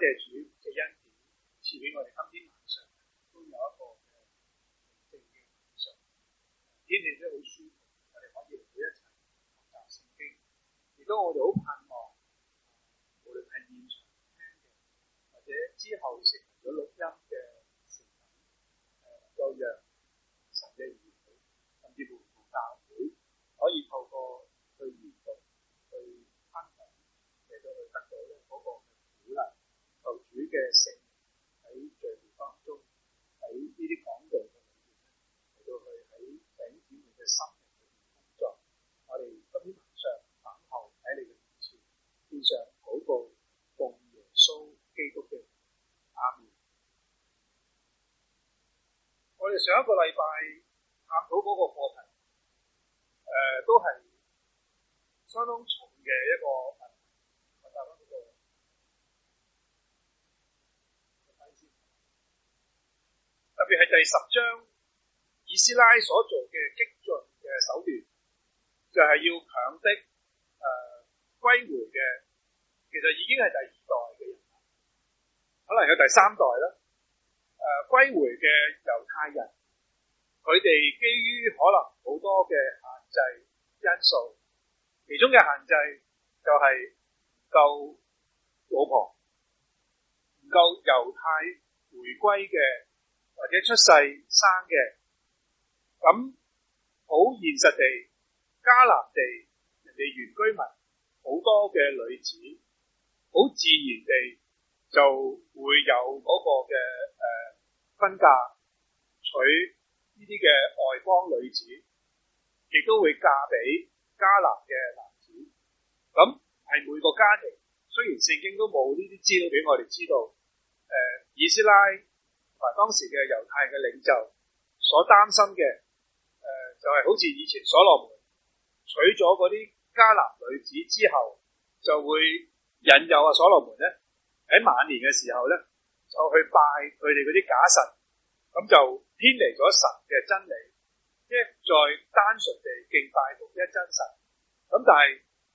即係主嘅恩典，賜俾我哋。今天晚上都有一個嘅聖經上，天氣都好舒服，我哋可以一齊學習聖經。亦都我哋好盼望，無論係現場聽嘅，或者之後成咗錄音嘅，誒、呃，在約神嘅兒女，甚至乎教會，可以透過。佢嘅聖喺聚會當中，喺呢啲講道嘅裏面，嚟到去喺弟兄姊妹嘅心入面工作。我哋今日晚上等候喺你嘅面前獻上嗰個奉耶穌基督嘅阿門。我哋上一個禮拜探討嗰個課題，誒、呃，都係相當重嘅一個。佢係第十章，以斯拉所做嘅激進嘅手段，就係、是、要強逼誒歸回嘅，其實已經係第二代嘅人，可能有第三代啦。誒、呃、歸回嘅猶太人，佢哋基於可能好多嘅限制因素，其中嘅限制就係唔夠老婆，唔夠猶太回歸嘅。或者出世生嘅，咁好現實地，迦南地人哋原居民，好多嘅女子，好自然地就會有嗰個嘅誒婚嫁娶，呢啲嘅外邦女子，亦都會嫁俾迦南嘅男子。咁係每個家庭，雖然聖經都冇呢啲資料俾我哋知道，誒，以斯拉。嗱，當時嘅猶太嘅領袖所擔心嘅，誒就係、是、好似以前所羅門娶咗嗰啲迦南女子之後，就會引誘啊所羅門咧喺晚年嘅時候咧，就去拜佢哋嗰啲假神，咁就偏離咗神嘅真理，一再在單純地敬拜獨一真神。咁但係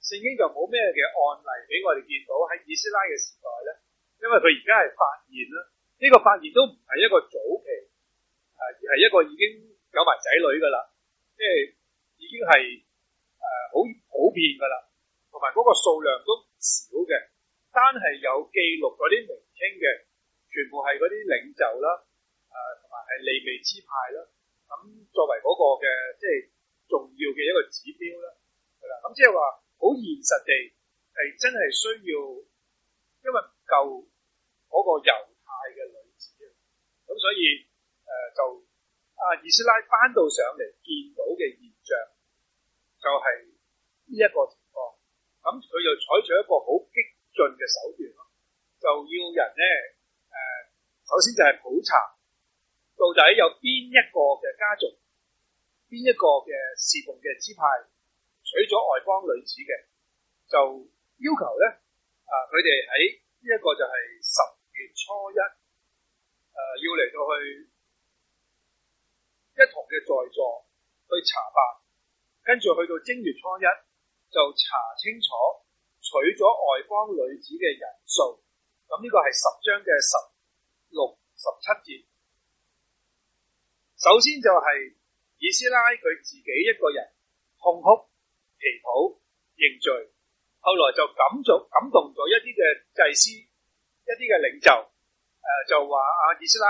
聖經就冇咩嘅案例俾我哋見到喺以斯拉嘅時代咧，因為佢而家係發現啦。呢、這個發現都唔係一個早期，而係一個已經有埋仔女嘅啦，即係已經係誒好普遍嘅啦，同埋嗰個數量都唔少嘅，單係有記錄嗰啲名稱嘅，全部係嗰啲領袖啦，誒同埋係利未支派啦，咁作為嗰個嘅即係重要嘅一個指標啦，係啦，咁即係話好現實地係真係需要。師拉翻到上嚟，見到嘅現象就係呢一個情況，咁佢就採取一個好激進嘅手段咯，就要人咧誒，首先就係普查到底有邊一個嘅家族，邊一個嘅侍奉嘅支派娶咗外邦女子嘅，就要求咧啊，佢哋喺再去到正月初一就查清楚娶咗外邦女子嘅人數，咁、這、呢個係十章嘅十六、十七節。首先就係以斯拉佢自己一個人痛哭祈禱認罪，後來就感動感動咗一啲嘅祭司、一啲嘅領袖，誒就話阿、啊、以斯拉，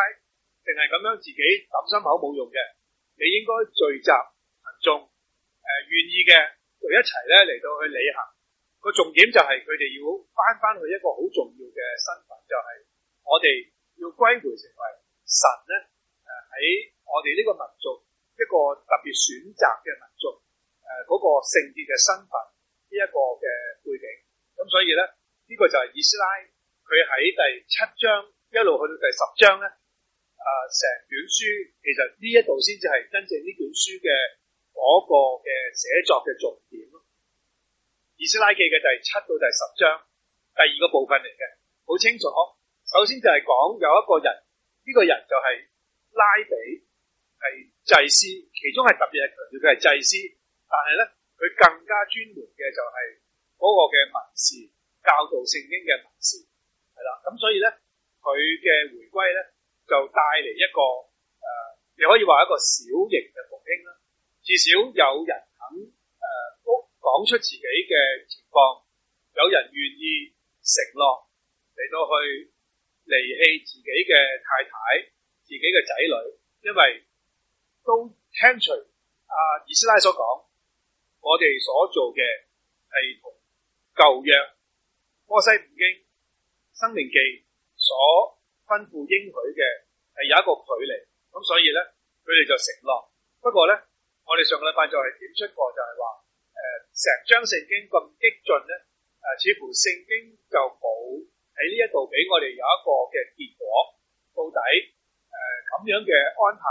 淨係咁樣自己抌心口冇用嘅，你應該聚集。嘅一齊咧嚟到去旅行，個重點就係佢哋要返返去一個好重要嘅身份，就係、是、我哋要歸回成為神咧。誒，喺我哋呢個民族一個特別選擇嘅民族誒，嗰、那個聖潔嘅身份呢一、這個嘅背景。咁所以咧呢、這個就係以斯拉佢喺第七章一路去到第十章咧，誒，成卷書其實呢一度先至係真正呢卷書嘅嗰、那個。寫作嘅重點，《以斯拉記》嘅第七到第十章第二個部分嚟嘅，好清楚。首先就係講有一個人，呢、這個人就係拉比，係祭司，其中係特別係強調佢係祭司，但係咧佢更加專門嘅就係嗰個嘅文士，教導聖經嘅文士。係啦。咁所以咧佢嘅回歸咧就帶嚟一個誒、呃，你可以話一個小型嘅復興啦。至少有人。出自己嘅情況，有人願意承諾嚟到去離棄自己嘅太太、自己嘅仔女，因為都聽隨阿、啊、以斯拉所講，我哋所做嘅係同舊約摩西五經、申命記所吩咐應許嘅係有一個距離，咁所以咧，佢哋就承諾。不過咧，我哋上個禮拜就係點出過。將聖經咁激進咧、呃，似乎聖經就冇喺呢一度俾我哋有一個嘅結果。到底誒咁、呃、樣嘅安排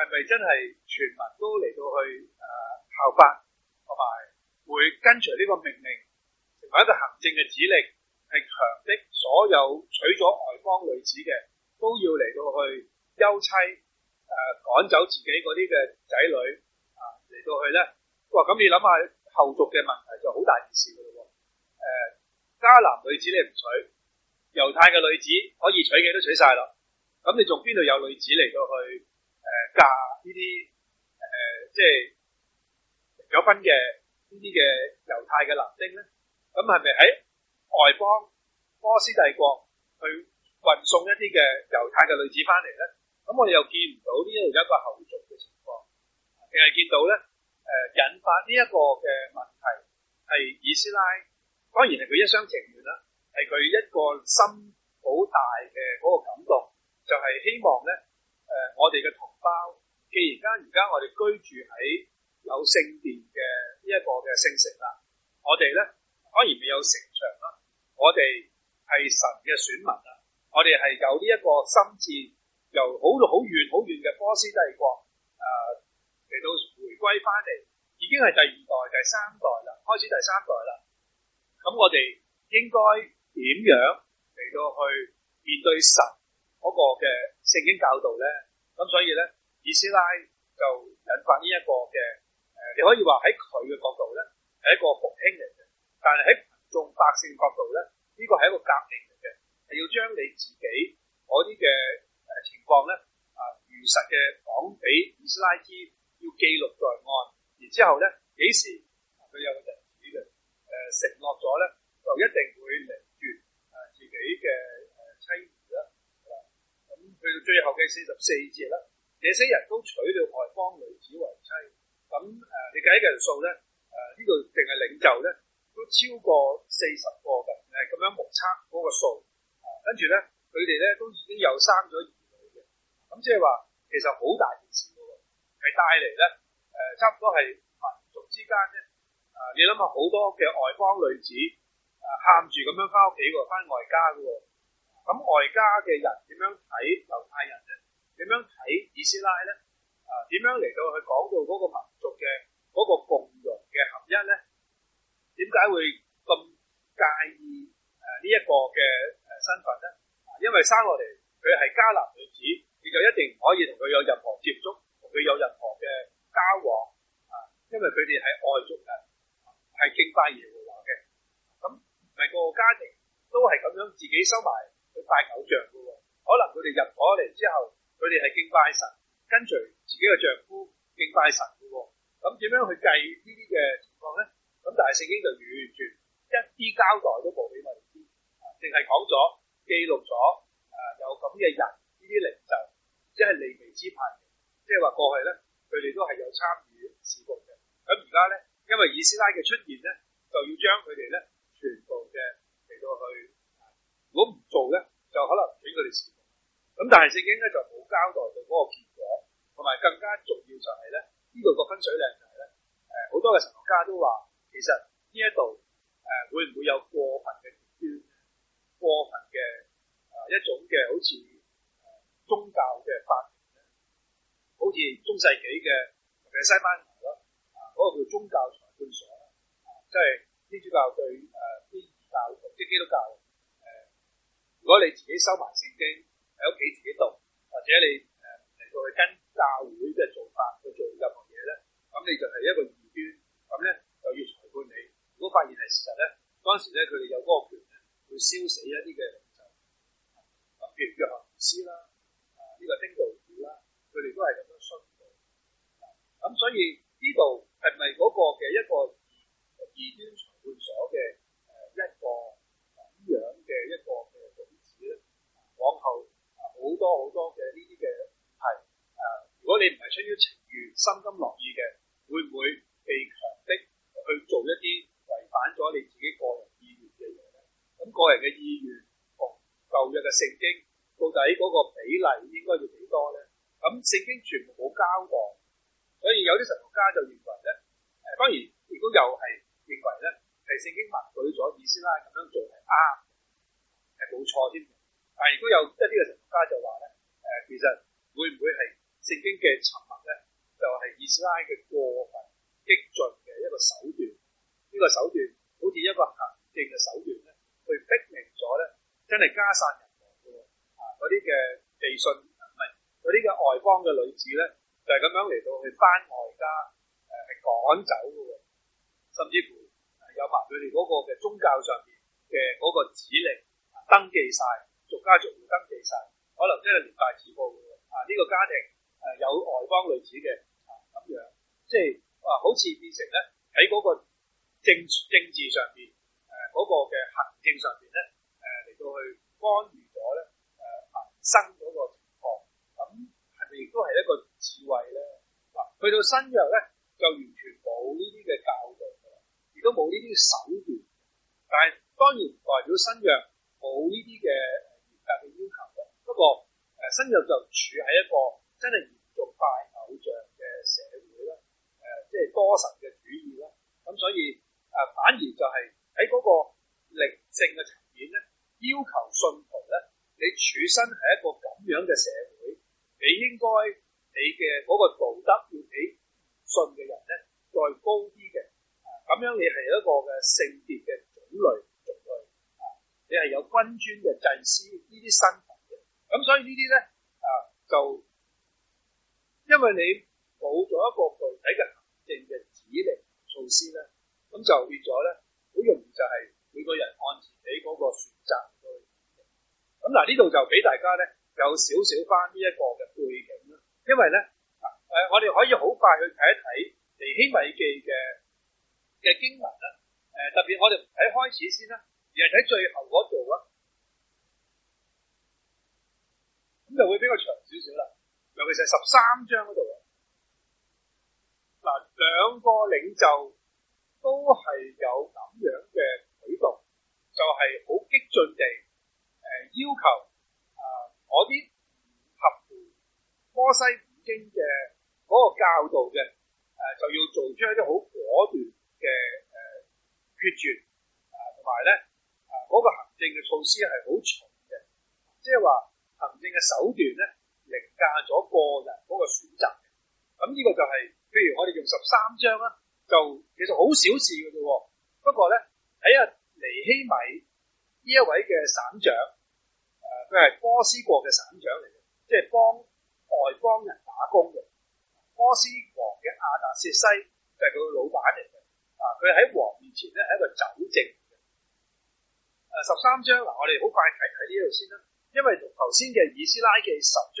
係咪真係全民都嚟到去誒效法，同、呃、埋會跟隨呢個命令，成為一個行政嘅指令？係強迫所有娶咗外邦女子嘅都要嚟到去休妻，誒、呃、趕走自己嗰啲嘅仔女啊嚟、呃、到去咧。哇、哦！咁你諗下？後續嘅問題就好大件事噶咯喎，迦南女子你唔娶，猶太嘅女子可以娶嘅都娶晒啦，咁你仲邊度有女子嚟到去誒、呃、嫁呢啲誒即係有份嘅呢啲嘅猶太嘅男丁咧？咁係咪喺外邦波斯帝國去運送一啲嘅猶太嘅女子翻嚟咧？咁我哋又見唔到呢度有一個後續嘅情況，淨係見到咧。誒引發呢一個嘅問題係以斯拉，當然係佢一廂情願啦，係佢一個心好大嘅嗰個感動，就係、是、希望咧誒、呃，我哋嘅同胞，既然而家而家我哋居住喺有聖殿嘅呢一個嘅聖城啦，我哋咧當然未有城牆啦，我哋係神嘅選民啦，我哋係有呢一個心志，由好好遠好遠嘅波斯帝國誒。呃嚟到回歸翻嚟已經係第二代、第三代啦，開始第三代啦。咁我哋應該點樣嚟到去面對神嗰個嘅聖經教導咧？咁所以咧，以斯拉就引發呢一個嘅誒，你可以話喺佢嘅角度咧係一個復興嚟嘅，但係喺眾百姓角度咧呢、呢個係一個革命嚟嘅，係要將你自己嗰啲嘅誒情況咧啊，如實嘅講俾以斯拉知。要記錄在案，然之後咧幾時佢有個女子嘅誒承諾咗咧，就一定會嚟住誒、呃、自己嘅誒、呃、妻兒啦。咁、嗯、去到最後嘅四十四節啦，這些人都娶到外方女子為妻。咁、嗯、誒、呃，你計計數咧，誒呢度淨係領袖咧都超過四十個嘅誒咁樣估測嗰個數，啊跟住咧佢哋咧都已經有生咗兒女嘅。咁、嗯、即係話其實好大件事。係帶嚟咧，誒，差唔多係民族之間咧。啊，你諗下，好多嘅外邦女子啊，喊住咁樣翻屋企喎，翻外家噶喎。咁外家嘅人點樣睇猶太人咧？點樣睇以斯拉咧？啊，點樣嚟到去講到嗰個民族嘅嗰個共融嘅合一咧？點解會咁介意誒呢一個嘅誒身份咧？因為生落嚟佢係迦南女子，你就一定唔可以同佢有任何接觸。佢有任何嘅交往啊？因為佢哋係外族嘅，係、啊、敬拜耶和華嘅。咁、OK、咪、嗰個家庭都係咁樣，自己收埋去拜偶像嘅喎、啊。可能佢哋入咗嚟之後，佢哋係敬拜神，跟隨自己嘅丈夫敬拜神嘅喎。咁、啊、點樣去計呢啲嘅情況咧？咁但係聖經就完全一啲交代都冇俾我哋知，淨係講咗記錄咗、啊、有咁嘅人呢啲靈就即、是、係利未支派。即係話過去咧，佢哋都係有參與事奉嘅。咁而家咧，因為以斯拉嘅出現咧，就要將佢哋咧全部嘅嚟到去。如果唔做咧，就可能俾佢哋事奉。咁但係聖經咧就冇交代到嗰個結果。同埋更加重要就係咧，呢度個分水嶺就係咧，誒好多嘅神學家都話，其實呢一度誒會唔會有過分嘅極端，過分嘅、呃、一種嘅好似、呃、宗教嘅法律。好似中世紀嘅，其實西班牙咯，嗰、那個叫宗教裁判所啦，即係天主教對誒啲異教同即基督教誒、呃呃。如果你自己收埋聖經喺屋企自己讀，或者你誒嚟到去跟教會嘅做法去做任何嘢咧，咁你就係一個異端，咁咧就要裁判你。如果發現係事實咧，嗰陣時咧佢哋有嗰個權咧，會燒死一啲嘅，就咁譬、呃、如約翰胡斯啦，呢、呃這個丁道爾啦，佢哋都係咁所以呢度係咪嗰個嘅一個異端裁判所嘅誒一個咁、這個、樣嘅一個嘅例子咧？往後好多好多嘅呢啲嘅係誒，如果你唔係出於情願、心甘樂意嘅，會唔會被強迫去做一啲違反咗你自己個人意願嘅嘢咧？咁、那個人嘅意願同舊約嘅聖經到底嗰個比例應該要幾多咧？咁聖經全部冇交過。所以有啲神學家就認為咧，誒，當然如果又係認為咧，係聖經默許咗以斯拉咁樣做係啱嘅，係冇錯添。但如果有即係呢個神學家就話咧，誒，其實會唔會係聖經嘅沉默咧，就係、是、以斯拉嘅過分激進嘅一個手段？呢、這個手段好似一個強硬嘅手段咧，去逼明咗咧，真係加散人嘅啊嗰啲嘅迷信，唔係嗰啲嘅外邦嘅女子咧。係、就、咁、是、樣嚟到去翻外家誒、啊、趕走嘅喎，甚至乎有埋佢哋嗰個嘅宗教上邊嘅嗰個指令、啊、登記晒，逐家逐戶登記晒。可能即係連帶指報嘅喎啊！呢、這個家庭誒、啊、有外邦女子嘅咁樣，即係啊，好似變成咧喺嗰個政政治上邊誒嗰個嘅行政上邊咧誒嚟到去干預咗咧誒民生嗰個情況，咁係咪亦都係一個？智慧咧，嗱，去到新約咧，就完全冇呢啲嘅教導嘅，亦都冇呢啲手段。但係當然代表新約冇呢啲嘅嚴格嘅要求嘅。不過誒，新約就處喺一個真係嚴重拜偶像嘅社會啦，誒，即係多神嘅主義啦。咁所以誒，反而就係喺嗰個靈性嘅層面咧，要求信徒咧，你處身係一啲身份嘅，咁所以呢啲咧啊，就因為你冇咗一個具體嘅行政嘅指令措施咧，咁就變咗咧，好容易就係每個人按自己嗰個選擇去。咁嗱，呢、啊、度就俾大家咧有少少翻呢一點點個嘅背景啦。因為咧啊，誒，我哋可以好快去睇一睇《尼希米記》嘅嘅經文啦。誒、啊、特別我哋唔睇開始先啦，而係睇最後。十三章嗰度嗱，兩個領袖。三章啊，就其實好小事嘅啫。不過咧，喺阿尼希米呢一位嘅省長，佢、啊、係波斯國嘅省長嚟嘅，即係幫外邦人打工嘅。波斯王嘅亞達薛西就係佢老闆嚟嘅。啊，佢喺王面前咧係一個酒政嘅。誒、啊，十三章嗱，我哋好快睇睇呢度先啦，因為從頭先嘅以斯拉記，嘅十章。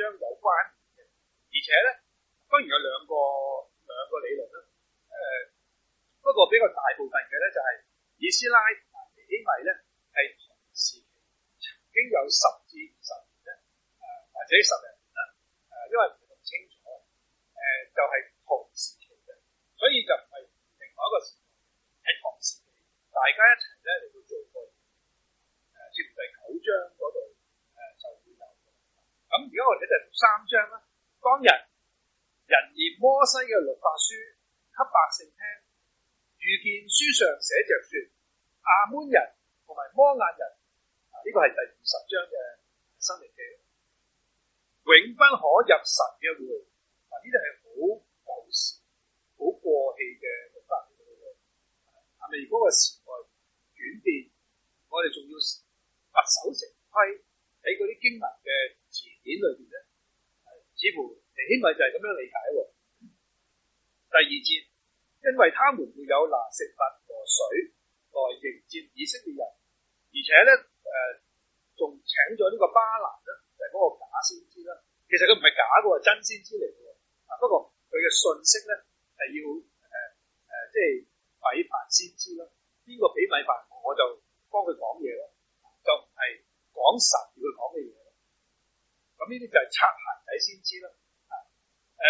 書上寫着說，亞門人同埋摩亞人，呢個係第二十章嘅申命記嘅，永不可入神嘅會。嗱、啊，呢啲係好舊時、好過氣嘅法，係咪？個、啊、時代轉變，我哋仲要墨守成規喺啲經文嘅詞典裏邊咧，似、啊、乎起碼就係咁樣理解。嗯、第二節。因為他們沒有拿食物和水來迎接以色列人，而且咧誒，仲、呃、請咗呢個巴蘭咧，就係、是、嗰個假先知啦。其實佢唔係假嘅喎，真先知嚟嘅啊，不過佢嘅信息咧係要誒誒、呃呃，即係米飯先知啦。邊個俾米飯，我就幫佢講嘢咯，就唔係講實要佢講嘅嘢。咁呢啲就係擦鞋仔先知啦。啊誒、呃，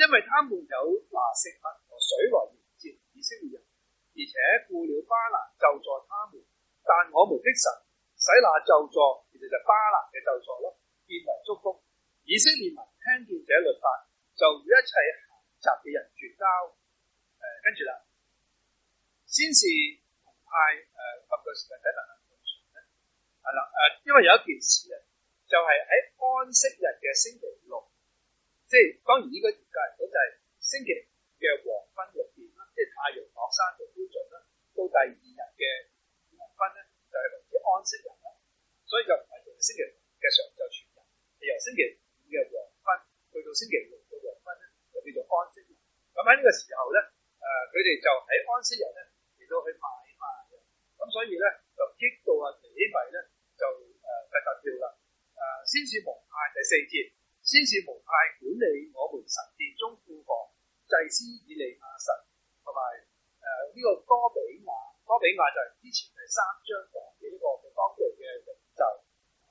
因為他們有拿食物水和迎接以色列人，而且雇了巴蘭咒詛他們，但我們的神使那咒詛，其實就是巴蘭嘅咒詛咯，變為祝福。以色列民聽見這律法，就與一切行雜嘅人絕交。誒、呃，跟住啦，先是派誒八個士咧，係啦誒，因為有一件事就係、是、喺安息日嘅星期六，即係當然呢個節就係星期。嘅黃昏入邊啦，即係太陽落山嘅標準啦。到第二日嘅黃昏咧，就係嗰啲安息日啦。所以就唔係星期五嘅上晝，全日係由星期五嘅黃昏去到星期六嘅黃昏咧，就叫做安息日。咁喺呢個時候咧，誒佢哋就喺安息日咧嚟到去買賣嘅。咁所以咧就激到啊，尼希米咧就誒發達跳啦。誒、呃、先至蒙派第四節，先至蒙派管理我們神殿中庫房。祭司以利亞實同埋誒呢個多比亞，多比亞就係之前係三章牀嘅呢個當地嘅領袖，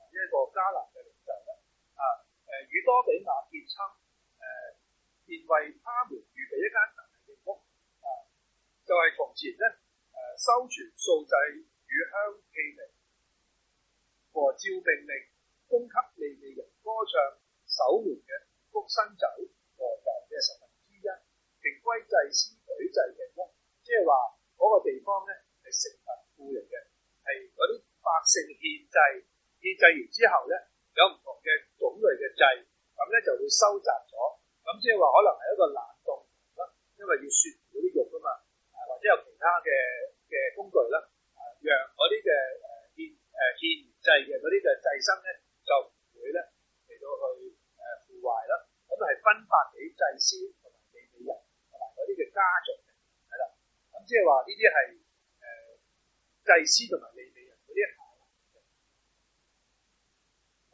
啊、一個迦南嘅領袖咧啊。誒、呃、與多比亞結親，誒便為他們預備一間神明嘅屋啊。就係、是、從前咧誒、啊、收存素祭與香氣味和照命令供給利未人歌唱守門嘅福新酒和油，即、啊就是定規祭司舉祭嘅屋，即係話嗰個地方咧係食物庫嚟嘅，係嗰啲百姓獻祭，獻祭完之後咧有唔同嘅種類嘅祭，咁咧就會收集咗，咁即係話可能係一個冷凍啦，因為要雪嗰啲肉啊嘛，或者有其他嘅嘅工具啦，讓嗰啲嘅獻誒獻祭嘅嗰啲嘅祭牲咧就唔會咧嚟到去誒腐壞啦，咁都係分發俾祭司同埋俾俾人。呢個家族，係啦，咁即係話呢啲係誒祭司同埋利未人嗰啲行。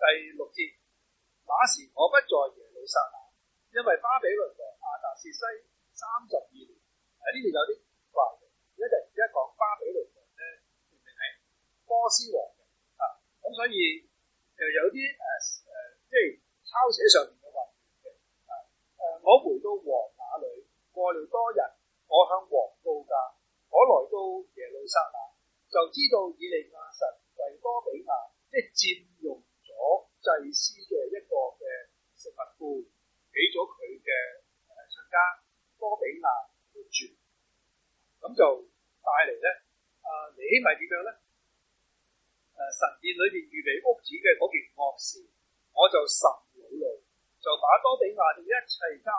第六節，那時我不在耶路撒冷，因為巴比倫王亞達薛西三十二年。喺呢度有啲古怪，一陣而家講巴比倫王咧，明明係波斯王啊，咁所以誒有啲誒。呃到以利亞神為多比雅，即係佔用咗祭司嘅一個嘅食物庫，俾咗佢嘅誒親家多比雅住，咁就帶嚟咧啊！你係點樣咧？誒、啊、神殿裏邊預備屋子嘅嗰件惡事，我就十里路就把多比雅嘅一切家。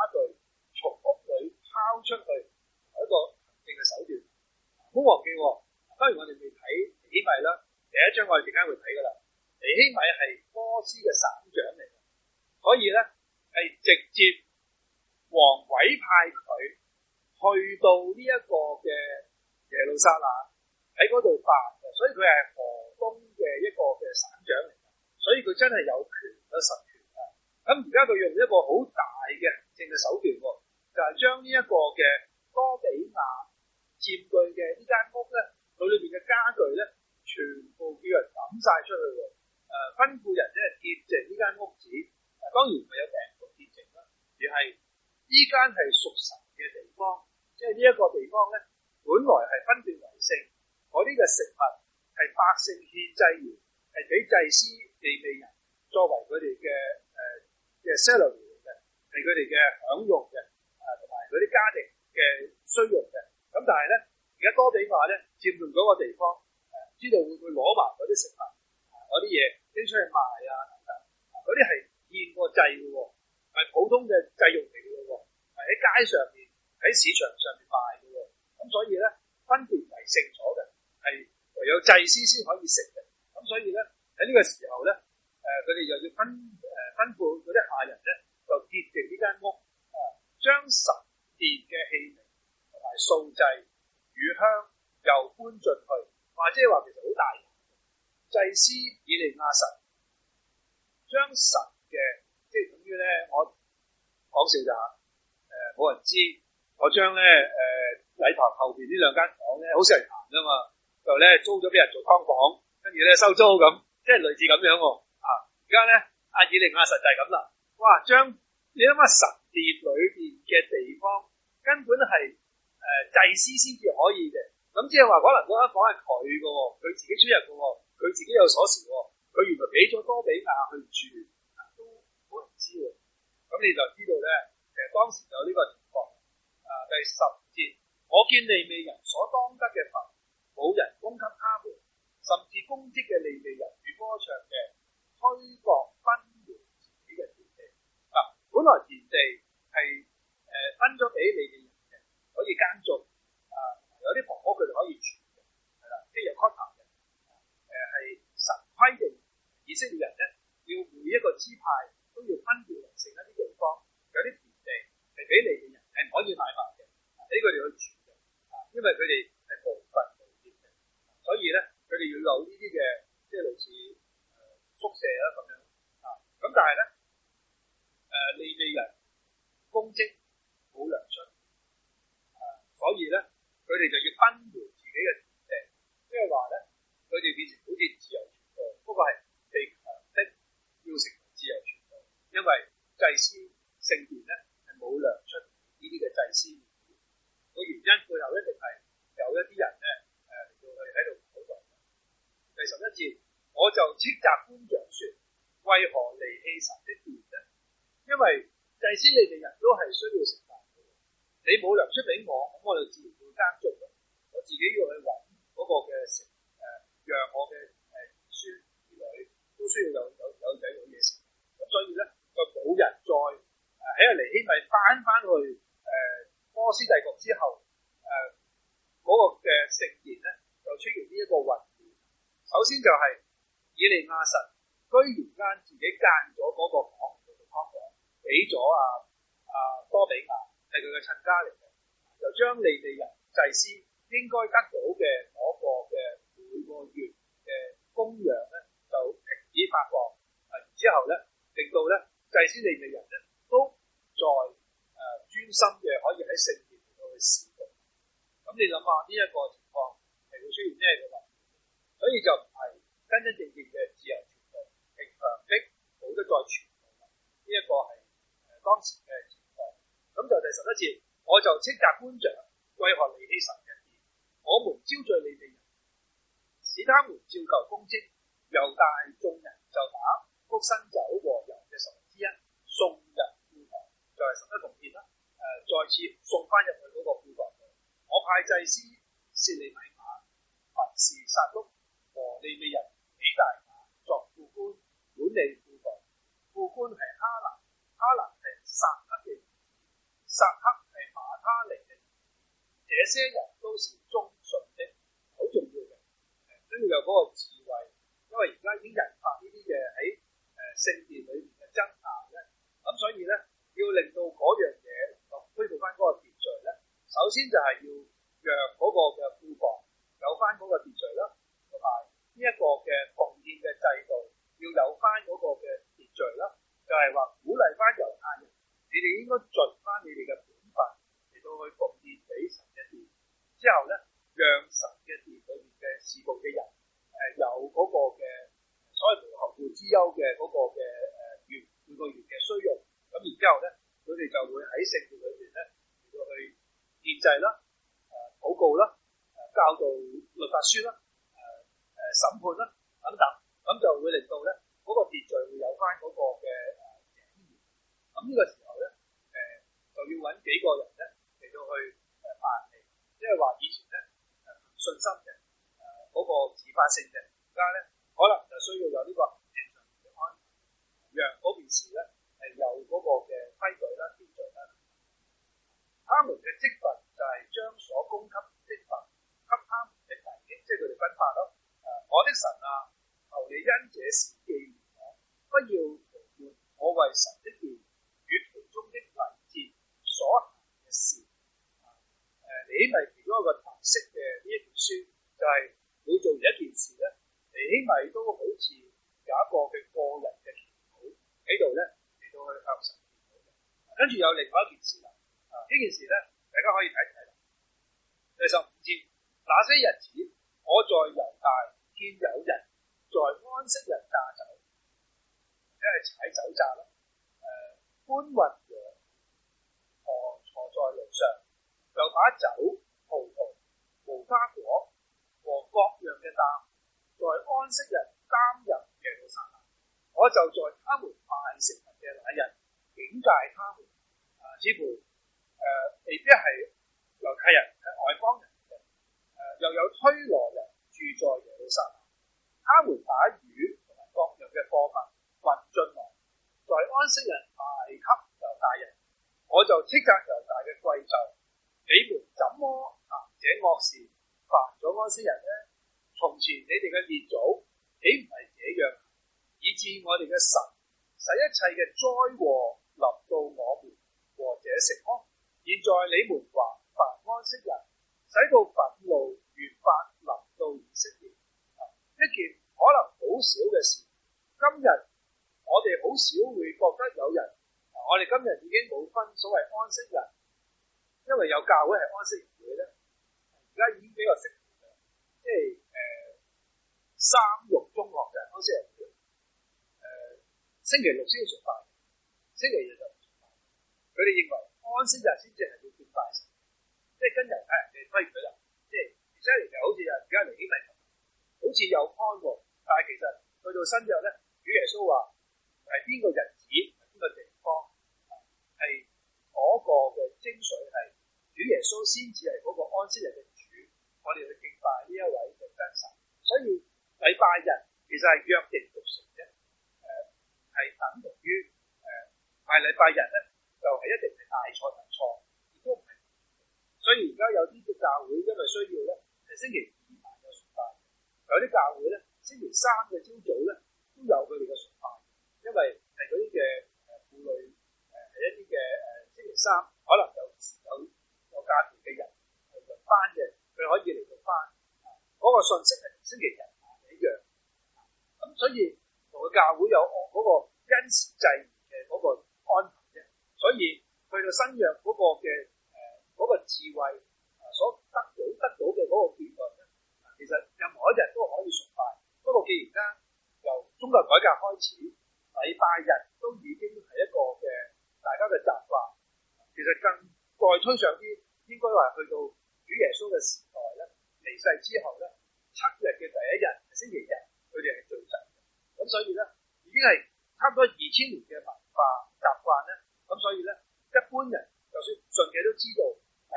祭員係俾祭司利未人作為佢哋嘅誒嘅 salary 嘅，係佢哋嘅享用嘅，誒同埋嗰啲家庭嘅需用嘅。咁、啊、但係咧，而家多比雅咧，佔用個地方，誒、啊、知道會唔會攞埋啲食物，啊啲嘢拎出去賣啊，啊啲係現貨制嘅喎，唔係普通嘅祭用嚟嘅喎，係喺街上面喺市場上面賣嘅喎。咁、啊、所以咧，分別為聖咗嘅係唯有祭司先可祭司以利亞實將神嘅，即係等於咧，我講笑就吓，誒、呃，冇人知我將咧，誒、呃，禮堂後邊呢兩間房咧，好似係閒噶嘛，就咧租咗俾人做劏房，跟住咧收租咁，即係類似咁樣啊，啊，而家咧，阿以利亞實就係咁啦，哇，將你諗下神殿裏邊嘅地方，根本係誒、呃、祭司先至可以嘅，咁即係話可能嗰間房係佢噶，佢自己出入噶。一有所示、哦，佢原來俾咗多比亞去住，都冇人知喎。咁你就知道咧，其實當時有呢個情況。啊，第十節，我見利未人所當得嘅份，冇人供給他們，甚至供職嘅利未人與歌唱嘅俱各奔回自己嘅田地。嗱、啊，本來田地係誒分咗俾利未人嘅，可以耕種。啊，有啲婆婆佢哋可以住。以色列人咧，要每一個支派，都要分住成一啲地方。有啲田地係俾利未人，係唔可以買賣嘅，俾佢哋去住嘅。啊，因為佢哋係無份無業嘅，所以咧，佢哋要有呢啲嘅，即係類似誒宿舍啦咁樣。啊，咁但係咧，誒，利未人公職冇糧出，啊，所以咧，佢哋、呃啊啊啊啊、就要分。聖這祭司聖殿咧係冇糧出呢啲嘅祭司，個原因背後一定係有一啲人咧，誒、呃，嚟去喺度炒作。第十一節，我就斥責官長說：為何離棄神的殿呢？因為祭司你哋人都係需要食飯嘅，你冇糧出俾我，咁我就自然要耕作。我自己要去搵嗰個嘅食，誒，養、呃、我嘅誒孫兒女都需要有有有仔有嘢食，咁所以咧。就冇人再喺度嚟，啊、尼希米返返去誒波、呃、斯帝國之後，誒、呃、嗰、那個嘅聖殿呢，就出現呢一個混亂。首先就係以利亞實，居然間自己間咗嗰個房嘅地方，俾咗阿阿多比亞係佢嘅親家嚟嘅，就將利未人祭司應該得到嘅嗰個嘅每個月嘅供養呢，就停止發放，然、啊、之後呢，令到呢。祭司利未人咧，都再誒專心嘅，可以喺聖殿度去侍奉。咁你諗下呢一個情況係會出現咩嘅問題？所以就唔係真真正正嘅自由存在，係強迫冇得再傳。呢一個係誒當時嘅情況，咁就第十一次，我就斥責官長，跪學離棄神一人，我們招聚利未人，使他們照舊供職，猶大眾人就打，五穀新酒和油。送入庫房就係十一堂殿啦。誒、呃，再次送翻入去嗰個庫房。我派祭司設你密碼，凡事殺督和你嘅人幾大馬作副官管理庫房。副官係哈蘭，哈蘭係薩克嘅，薩克係馬他尼嘅。這些人都是忠誠嘅，好重要嘅。跟住又嗰個智慧，因為而家啲人拍呢啲嘢喺誒聖殿裏面。咁所以咧，要令到嗰樣嘢，推到翻嗰個秩序咧，首先就係要讓嗰個嘅庫房有翻嗰個秩序啦，同埋呢一個嘅。嘅災禍臨到我們，或者食安。現在你們話凡安息日，使到憤怒越發臨到以色列。一件可能好少嘅事，今日我哋好少會覺得有人。我哋今日已經冇分所謂安息日，因為有教會係安息日。有盼望，但係其實去到新約咧，主耶穌話係邊個日子、邊個地方，係嗰個嘅精髓係主耶穌先至係嗰個安息日嘅主，我哋去敬拜呢一位嘅真神。所以禮拜日其實係約定俗成嘅，誒係等同於誒係禮拜日咧，就係一定係大錯大錯，亦都唔係。所以而家有啲教會因為需要咧，星期。有啲教會咧，星期三嘅朝早咧都有佢哋嘅崇拜，因為係嗰啲嘅誒婦女誒，係一啲嘅誒星期三可能有有個家庭嘅人嚟到班嘅，佢可以嚟到班，嗰個信息係同星期日唔一樣，咁所以同個教會有嗰個因時制宜嘅個安排嘅，所以去到新約嗰個嘅誒、嗰個智慧啊所得到得到嘅嗰、那個其實任何一日都可以崇拜，不過既然咧由中國改革開始，禮拜日都已經係一個嘅大家嘅習慣。其實更再推上啲，應該話去到主耶穌嘅時代咧，離世之後咧七日嘅第一日星期日，佢哋係聚集嘅。咁所以咧已經係差唔多二千年嘅文化習慣咧。咁所以咧一般人就算信者都知道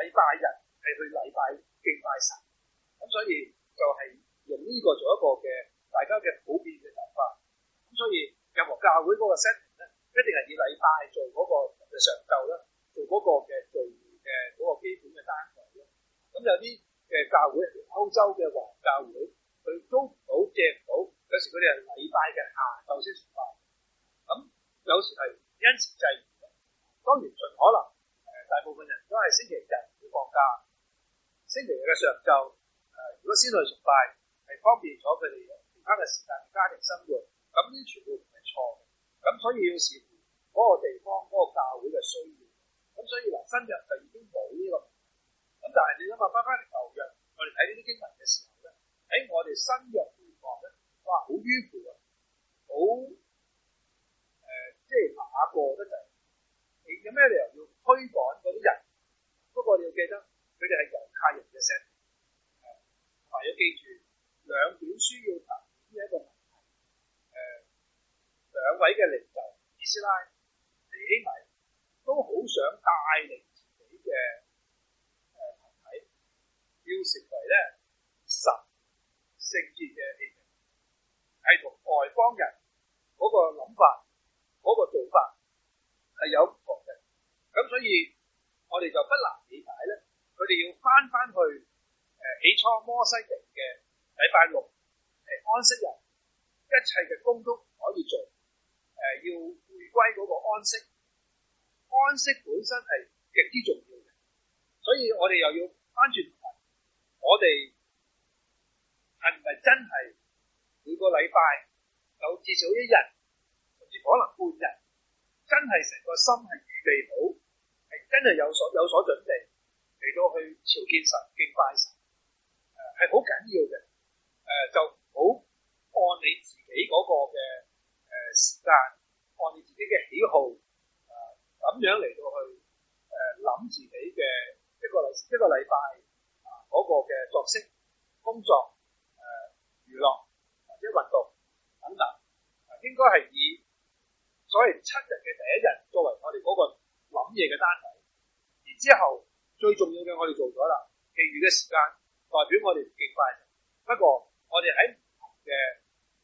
禮拜日係去禮拜敬拜神咁，所以。就係用呢個做一個嘅大家嘅普遍嘅諗法，咁所以任何教會嗰個 set 咧，一定係以禮拜做嗰個嘅上晝啦，做嗰個嘅做嘅嗰個基本嘅單位啦。咁有啲嘅教會，歐洲嘅皇教會，佢租唔到借唔到，有時佢哋係禮拜嘅下晝先崇拜。咁有時係因時制宜，當然盡可能。誒大部分人都係星期日會放假，星期日嘅上晝。誒，如果先去崇拜，係方便咗佢哋其他嘅時間、家庭生活，咁呢全部唔係錯嘅。咁所以要視乎嗰個地方嗰個教會嘅需要。咁所以嗱，新約就已經冇呢個。咁但係你諗下，翻翻嚟舊約，我哋睇呢啲經文嘅時候咧，喺我哋新約地方咧，哇，好迂腐啊，好誒、呃，即係哪過得滯就係、是、有咩理由要推廣嗰啲人？不過你要記得，佢哋係猶太人嘅 set。唯有記住兩本書要談嘅，一個問題誒、呃、兩位嘅領袖以斯拉、尼希米都好想帶領自己嘅誒羣體，要成為咧神聖潔嘅氣氛，係同外邦人嗰個諗法、嗰個做法係有唔同嘅。咁所以我哋就不難理解咧，佢哋要翻翻去。起初摩西人嘅禮拜六係安息日，一切嘅工都可以做。誒，要回歸嗰個安息。安息本身係極之重要嘅，所以我哋又要翻轉頭，我哋係唔係真係每個禮拜有至少一日，甚至可能半日，真係成個心係預備好，係真係有所有所準備嚟到去朝見神、敬拜神。係好緊要嘅，誒、呃，就唔好按你自己嗰個嘅誒、呃、時間，按你自己嘅喜好，誒、呃，咁樣嚟到去，誒、呃、諗自己嘅一個禮一個禮拜，啊、呃、嗰、那個嘅作息、工作、誒、呃、娛樂或者、呃、運動等等，呃、應該係以，所謂七日嘅第一日作為我哋嗰個諗嘢嘅單位，然之後最重要嘅我哋做咗啦，其餘嘅時間。代表我哋唔極快，不過我哋喺唔同嘅誒、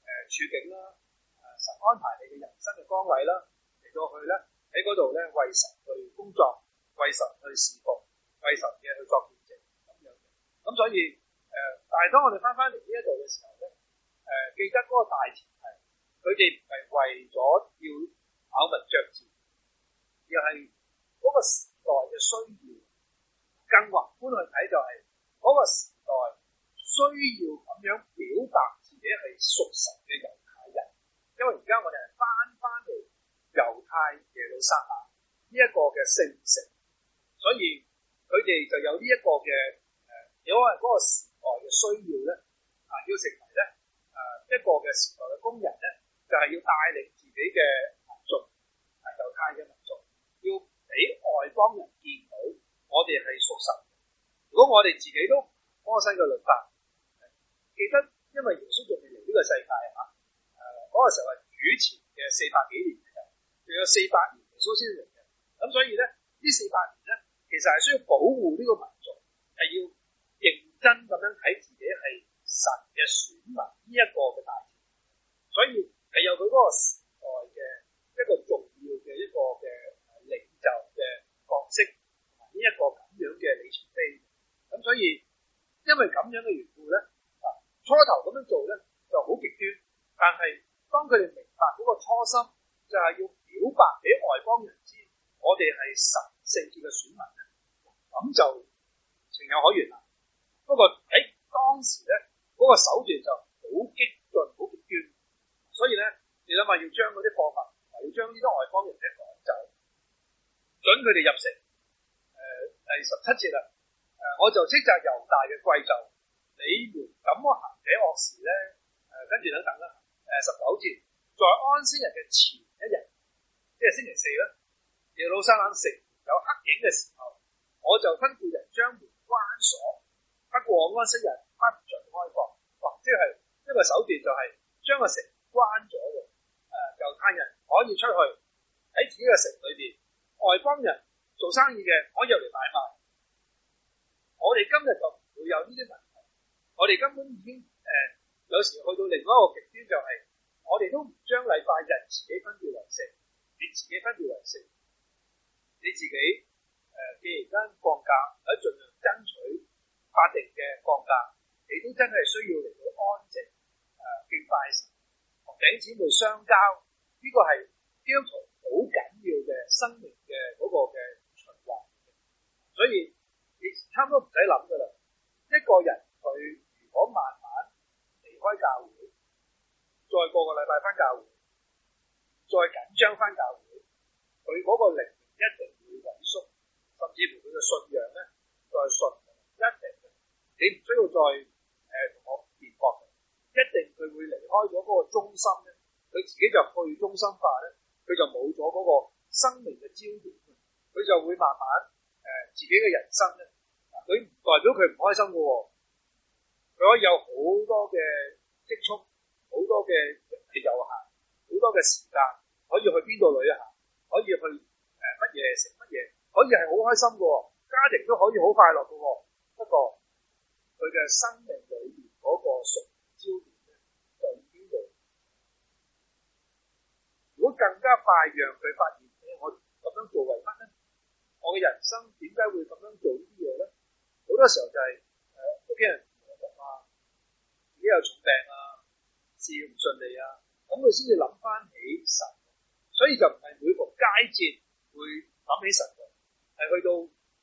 呃、處境啦，誒、啊、神安排你嘅人生嘅崗位啦，嚟、啊、到去咧喺度咧為神去工作，為神去事奉，為神嘅去作見證咁樣嘅，咁、嗯、所以誒、呃、但係當我哋翻翻嚟呢一度嘅時候咧，誒、呃、記得嗰個大前提，佢哋唔係為咗要咬文嚼字，而係個時代嘅需要。更宏觀去睇就係、是、嗰、那個。需要咁樣表達自己係屬神嘅猶太人，因為而家我哋係翻翻嚟猶太耶路撒冷呢一個嘅聖城，所以佢哋就有呢一個嘅誒，因為嗰個時代嘅需要咧，啊，要成為咧誒一個嘅時代嘅工人咧，就係要帶領自己嘅民族，啊，猶太嘅民族，要俾外邦人見到我哋係屬神。如果我哋自己都摩西嘅律法，記得，因為耶穌仲未嚟呢個世界啊，誒，嗰個時候係主前嘅四百幾年嘅，仲有四百年耶穌先嚟嘅。咁所以咧，呢四百年咧，其實係需要保護呢個民族，係要認真咁樣睇自己係神嘅選民呢一個嘅大前提。所以係有佢嗰個時代嘅一個重要嘅一個嘅領袖嘅角色呢一、這個咁樣嘅里程碑。咁，所以。因為咁樣嘅緣故咧，啊初頭咁樣做咧就好極端，但係當佢哋明白嗰個初心就係、是、要表白俾外邦人知，我哋係神聖嘅選民咧，咁就情有可原啦。不過誒當時咧嗰、那個手段就好激進、好極端，所以咧你諗下要將嗰啲方法，要將呢啲外邦人咧趕走，準佢哋入城，誒第十七節啦。我就斥責猶大嘅貴就：「你們咁行這惡事咧？誒、呃，跟住等等啦。誒，十九節，在安息日嘅前一日，即係星期四咧，耶路撒冷城有黑影嘅時候，我就吩咐人將門關鎖，不過安息日唔准開放。哇，即係一個手段就係將個城關咗嘅。誒、呃，猶太人可以出去喺自己嘅城裏邊，外邦人做生意嘅可以入嚟買賣。我哋今日就唔會有呢啲問題。我哋根本已經、呃、有時去到另外一個極端就係、是，我哋都唔將禮拜日自己分別為聖，你自己分別為聖，你自己既然間家放假，喺盡量爭取法定嘅放假，你都真係需要嚟到安靜誒，敬、呃、拜，神同弟兄姊妹相交。呢、這個係基督徒好緊要嘅生命嘅嗰個嘅循環，所以。你差唔多唔使諗㗎啦！一個人佢如果慢慢離開教會，再過個禮拜返教會，再緊張返教會，佢嗰個靈一定會萎縮，甚至乎佢嘅信仰咧，再信一定你唔需要再、呃、同我辯駁，一定佢會離開咗嗰個中心咧，佢自己就去中心化咧，佢就冇咗嗰個生命嘅焦點，佢就會慢慢、呃、自己嘅人生咧。佢唔代表佢唔開心嘅，佢可以有好多嘅積蓄，好多嘅遊閒，好多嘅時間可以去邊度旅行，可以去誒乜嘢食乜嘢，可以係好開心喎，家庭都可以好快樂喎。不過佢嘅生命裏面嗰個屬靈焦點咧在邊度？如果更加快讓佢發現我咁樣做為乜咧？我嘅人生點解會咁樣做呢啲嘢咧？好多時候就係、是，屋企人唔和睦啊，自己有重病啊，事業唔順利啊，咁佢先至諗翻起神的。所以就唔係每步階節會諗起神嘅，係去到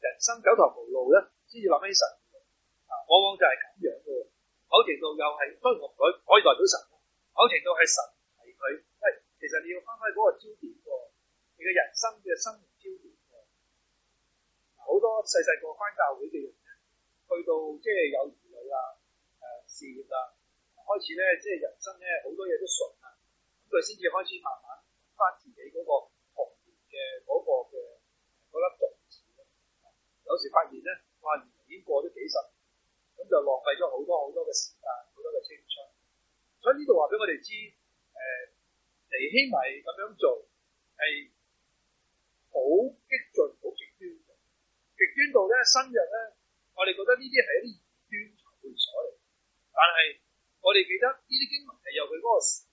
人生走投無路咧，先至諗起神的啊，往往就係咁樣嘅，某程度又係雖然佢，可以代表神，某程度係神係佢，喂，其實你要翻翻嗰個焦點嘅，你嘅人生嘅生命焦點嘅，好多細細個翻教會嘅去到即係有兒女啦、啊，誒、呃、事業啦、啊，開始咧，即、就、係、是、人生咧，好多嘢都順啊，咁佢先至開始慢慢翻自己嗰個學業嘅嗰個嘅嗰粒種子。有時發現咧，哇，已經過咗幾十年，咁就浪費咗好多好多嘅時間，好多嘅青春。所以呢度話俾我哋知，誒尼希米咁樣做係好激進、好極端嘅極端到咧，新日咧。呢啲係一啲異端會所嚟，但係我哋記得呢啲經文係有佢個。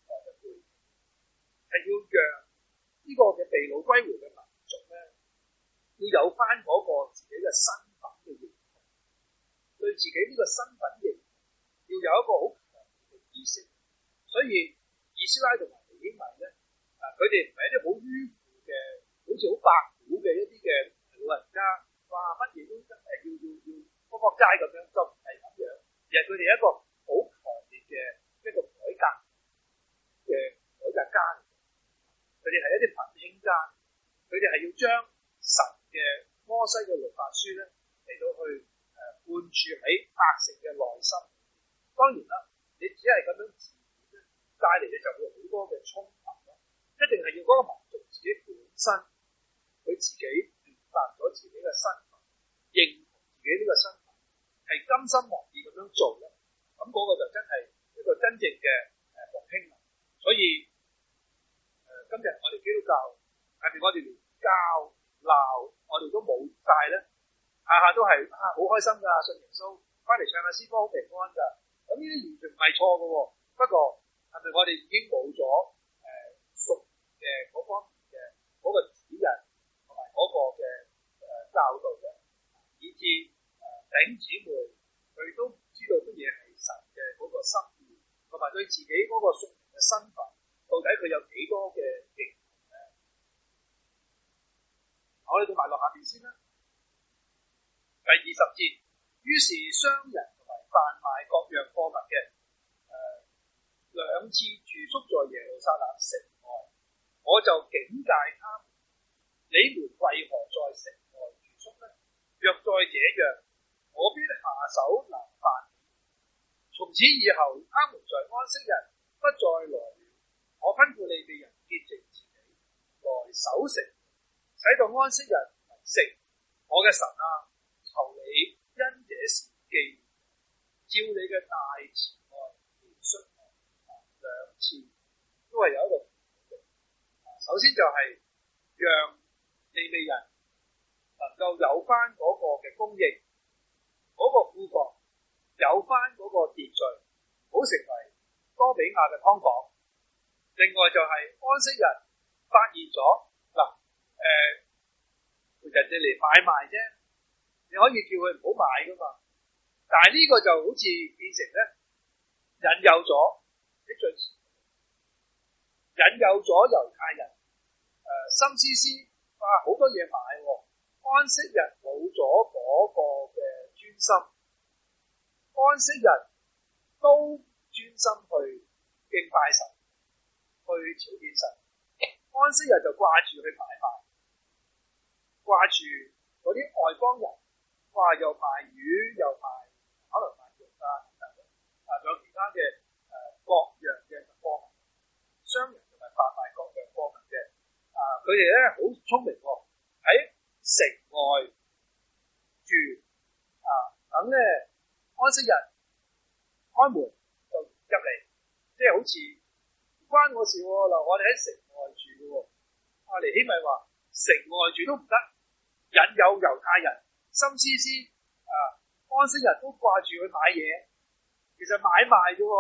開心噶信耶穌，翻嚟唱下詩歌，好平安噶。咁呢啲完全唔係錯噶喎，不過係咪我哋已經冇咗？我就警戒他們，你們為何在城外住宿呢？若再這樣，我必下手拿辦。從此以後，他們在安息日不再來了。我吩咐你哋人潔淨自己，來守城，使到安息日成我嘅神。香港。另外就係安息日發現咗嗱，誒、啊啊，人哋嚟買賣啫，你可以叫佢唔好買噶嘛。但係呢個就好似變成咧引誘咗一引誘咗猶太人誒、啊，心思思哇好、啊、多嘢買、啊。安息日冇咗嗰個嘅專心，安息日都專心去敬拜神，去朝天神。安息日就掛住去買賣，掛住嗰啲外邦人，掛又賣魚，又賣可能賣肉啊，啊，仲有其他嘅誒各樣嘅貨物商人同埋販賣各樣貨品嘅啊，佢哋咧好聰明喎，喺城外住啊，等咧安息日開門就入嚟。即、就、係、是、好似唔關我事喎，嗱，我哋喺城外住嘅喎，阿尼希米話城外住都唔得，引誘猶太人，心思思啊，安息日都掛住去買嘢，其實買賣啫喎，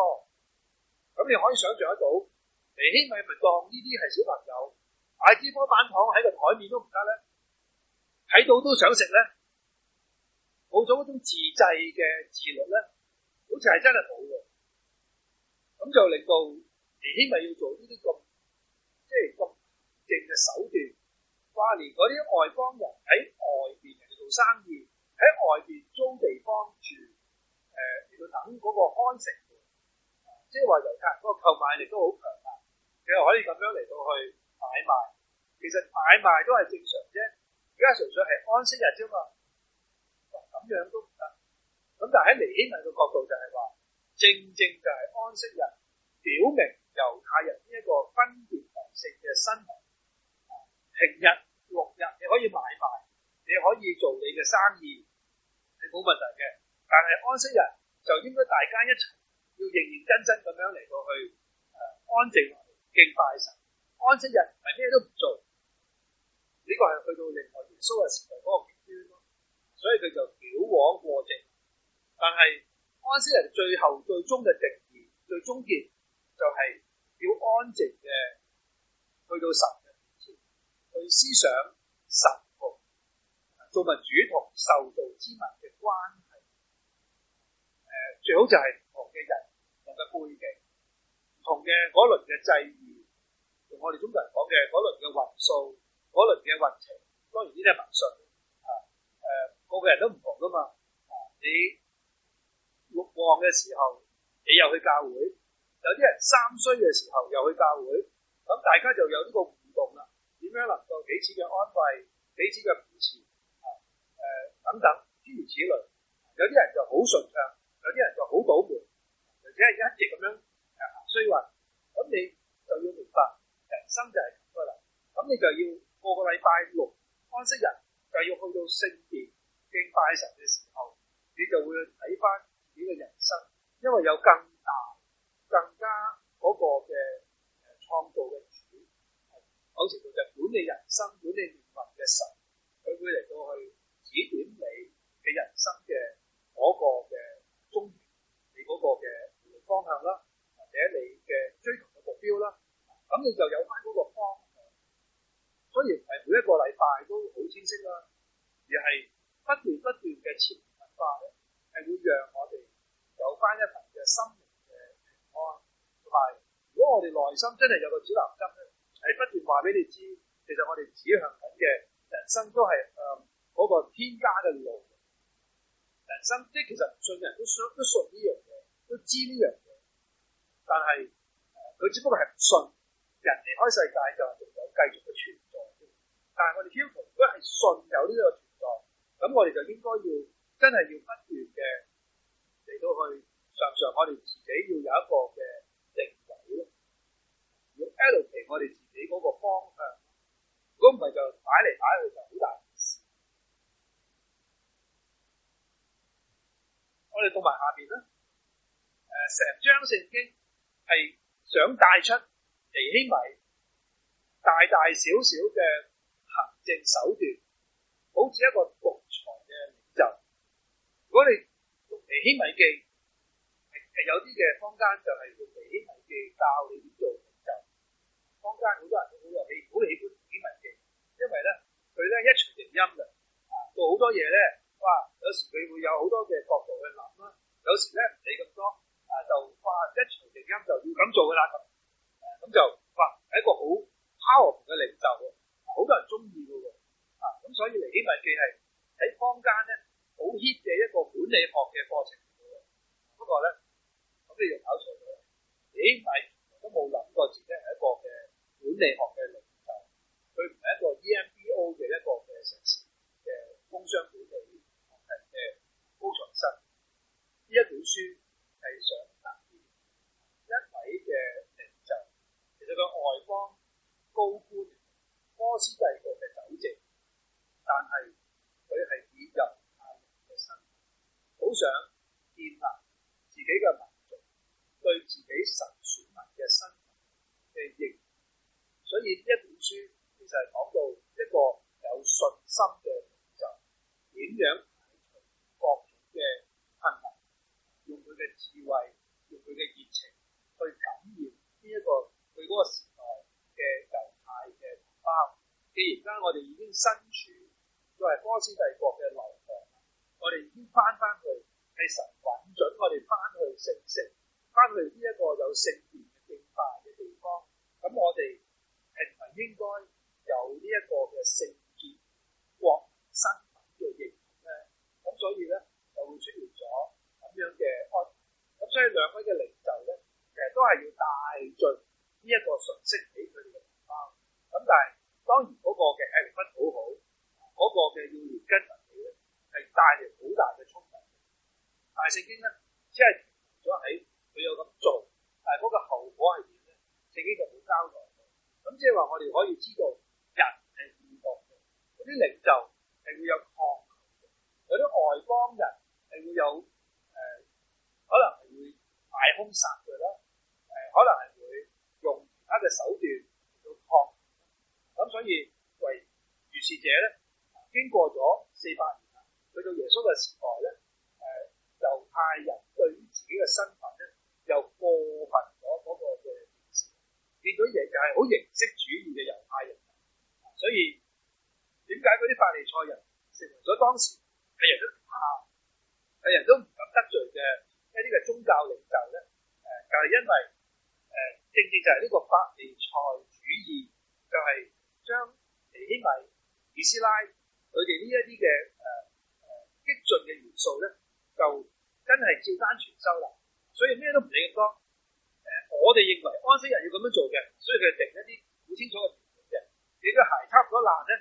咁你可以想象得到，尼希米咪當呢啲係小朋友買支、啊、波板糖喺個枱面都唔得咧，睇到都想食咧，冇咗嗰種自制嘅自律咧，好似係真係冇嘅。咁就令到尼希米要做呢啲咁即係咁勁嘅手段，話連嗰啲外邦人喺外邊嚟做生意，喺外邊租地方住，誒、呃，嚟到等嗰個城門，即係話遊客、是、嗰、那個購買力都好強啊，佢又可以咁樣嚟到去買賣。其實買賣都係正常啫，而家純粹係安息日啫嘛。咁、啊、樣都唔得，咁但係喺尼希米嘅角度就係話。正正就係安息日，表明猶太人呢一個分別良性嘅身份。平日、六日你可以買賣，你可以做你嘅生意，係冇問題嘅。但係安息日就應該大家一齊要認認真真咁樣嚟到去、啊、安靜敬拜神。安息日係咩都唔做，呢、這個係去到另外耶穌嘅時代嗰個極端咯。所以佢就矯枉過正，但係。安息日最後最終嘅定義，最終結就係、是、要安靜嘅去到神嘅面前，去思想神同做物主，同受造之物嘅關係。誒，最好就係唔同嘅人同嘅背景，唔同嘅嗰輪嘅際遇，同我哋中國人講嘅嗰輪嘅運數，嗰輪嘅運程，當然呢啲係迷信啊。誒、呃，個個人都唔同噶嘛、啊，你旺嘅時候，你又去教會；有啲人三衰嘅時候又去教會，咁大家就有呢個互動啦。點樣能夠彼此嘅安慰、彼此嘅扶持啊？誒，等等，諸如此類。有啲人就好順暢，有啲人就好倒霉，或者係一直咁樣衰運。咁你就要明白，人生就係咁噶啦。咁你就要個個禮拜六安息日，就要去到聖殿敬拜神嘅時候，你就會睇翻。因為有更大、更加個嘅誒創造嘅主，好似佢就管理人生、管理命運嘅神，佢會嚟到去指點你嘅人生嘅個嘅終點，你個嘅方向啦，或者你嘅追求嘅目標啦，咁你就有翻個方向。雖然係每一個禮拜都好清晰啦，而係不斷不斷嘅潛移默化咧，係會讓我哋有翻一份嘅心靈嘅平安，同、啊、埋如果我哋內心真係有個指南針咧，係不斷話俾你知，其實我哋指向緊嘅人生都係誒嗰個天家嘅路。人生即係其實唔信嘅人都信都信呢樣嘢，都知呢樣嘢，但係佢、呃、只不過係唔信人離開世界就仲有繼續嘅存在。但係我哋如果係信有呢個存在，咁我哋就應該要真係要不斷嘅。都去，常常我哋自己要有一個嘅定位，要 elite 我哋自己嗰個方向，如果唔係就擺嚟擺去就好大件事。我哋讀埋下邊啦，誒，成章聖經係想帶出尼希米大大小小嘅行政手段，好似一個獨裁嘅領袖，如果你。尼希米記，有啲嘅坊間就係用尼希米記教你點做，就坊間好多人好喜，好喜歡嚟喜歡尼希米記，因為咧佢咧一錘定音嘅，啊做好多嘢咧，哇有時佢會有好多嘅角度去諗啦，有時咧唔理咁多，啊就哇、啊、一錘定音就要咁做噶啦，咁、啊、就哇係一個好 power 嘅領袖，好、啊、多人中意嘅喎，啊咁所以尼希米記係喺坊間咧。好 hit 嘅一個管理學嘅課程嚟嘅，不過咧咁你又搞錯咗，咦？係都冇諗過自己係一個嘅管理學嘅領袖，佢唔係一個 EMBO 嘅一個嘅碩士嘅工商管理嘅高材生，呢一本書係上達爾，一位嘅領袖，其實佢外邦高官，波斯帝國嘅守職，但係佢係，好想建立自己嘅民族，對自己神選民嘅身份嘅認同，所以呢一本書其實係講到一個有信心嘅民族點樣排除各種嘅困難，用佢嘅智慧，用佢嘅熱情去感染呢、這、一個佢個時代嘅猶太嘅同胞。既然家我哋已經身處作為波斯帝國嘅內。我哋已經翻翻去係神允准我哋翻去聖城，翻去呢一個有聖潔敬拜嘅地方。咁我哋係咪應該有呢一個嘅聖潔國身份嘅認同咧？咁所以咧就會出現咗咁樣嘅安排。咁所以兩位嘅領袖咧，其實都係要帶進呢一個信息俾佢哋嘅同胞。咁但係當然嗰個嘅艾倫芬好好，嗰個嘅要連根。係帶嚟好大嘅衝突。但係聖經咧，只係咗喺佢有咁做，誒，嗰個後果係點咧？聖經就冇交代。咁即係話，我哋可以知道人係異國嘅，嗰啲領袖係會有抗，有啲外邦人係會有誒、呃，可能係會大兇殺佢啦，誒、呃，可能係會用其他嘅手段去抗。咁所以為如是者咧，經過咗四百。去到耶穌嘅時代咧，誒，猶太人對於自己嘅身份咧，又過分咗嗰、那個嘅認識，變咗亦就係好形式主義嘅猶太人。所以點解嗰啲法利賽人成為咗當時係人都怕、係人都唔敢得罪嘅一啲嘅宗教領袖咧？誒，就係、是、因為誒、呃，正正就係呢個法利賽主義，就係、是、將尼希米、以斯拉佢哋呢一啲嘅誒。他們這些的呃激進嘅元素咧，就真係照單全收啦。所以咩都唔理咁多。誒，我哋認為安息日要咁樣做嘅，所以佢定一啲好清楚嘅原則嘅。你個鞋差唔多爛咧，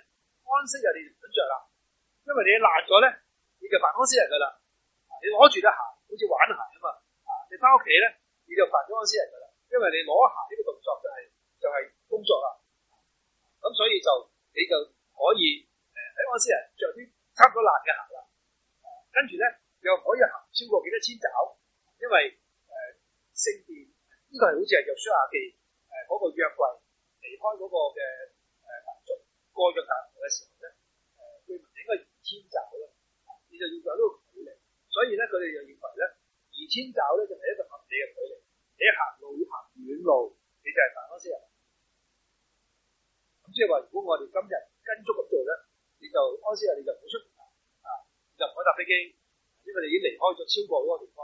安息日你唔准着啦。因為你爛咗咧，你就犯安息日噶啦。你攞住對鞋，好似玩鞋啊嘛。啊，你翻屋企咧，你就犯安息日噶啦。因為你攞鞋呢個動作就係、是、就係、是、工作啦。咁所以就你就可以誒喺、呃、安息日着啲差唔多爛嘅鞋。跟住咧又可以行超過幾多千爪？因為誒聖殿呢個係好似係約書亞記，誒嗰個約櫃離開嗰個嘅誒民族過約櫃嘅時候咧誒，居民應該二千爪啦，你就要有呢個距離。所以咧，佢哋就認為咧二千爪咧就係一個合理嘅距離。你行路要行遠路，你就係辦安息日。咁即係話，如果我哋今日跟足咁做咧，你就安息日你就唔出。就唔可以搭飛機，因為你已經離開咗超過嗰個地方，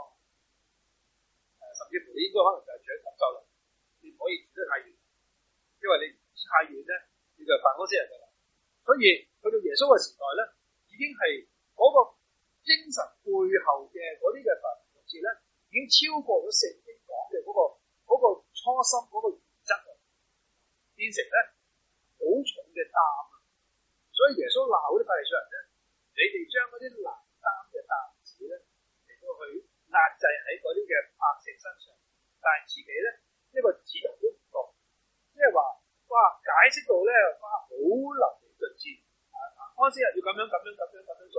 誒，甚至乎你應該可能就係住喺廣州啦。你唔可以住得太遠，因為你太遠咧，你就係辦公室人嚟。所以去到耶穌嘅時代咧，已經係嗰個精神背後嘅嗰啲嘅辦公室咧，已經超過咗聖經講嘅嗰個嗰個初心嗰個原則，變成咧好重嘅擔。所以耶穌鬧啲法利賽人咧。你哋將嗰啲難擔嘅擔子咧，嚟到去壓制喺嗰啲嘅百姓身上，但係自己咧一個指頭都唔動，即係話哇解釋到咧哇好難盡知，啊安息日要咁樣咁樣咁樣咁樣做，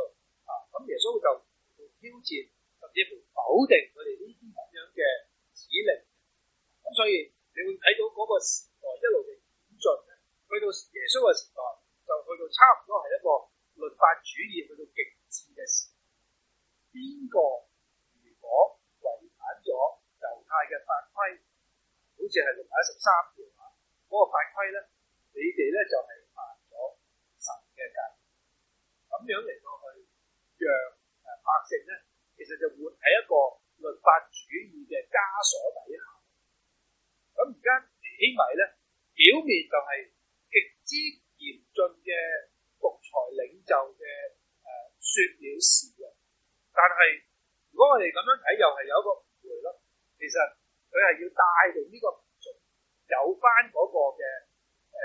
啊咁耶穌就挑戰甚至乎否定佢哋呢啲咁樣嘅指令，咁所以你會睇到嗰個時代一路嘅演進，去到耶穌嘅時代就去到差唔多係一個。律法主義去到極致嘅時，邊個如果違反咗猶太嘅法規，好似係六百一十三條啊，嗰、那個法規咧，你哋咧就係犯咗神嘅戒，咁樣嚟到去讓誒、啊、百姓咧，其實就活喺一個律法主義嘅枷鎖底下。咁而家起碼咧，表面就係極之嚴峻嘅。台領袖嘅誒說了事嘅，但係如果我哋咁樣睇，又係有一個誤會咯。其實佢係要帶動呢個民族有翻嗰個嘅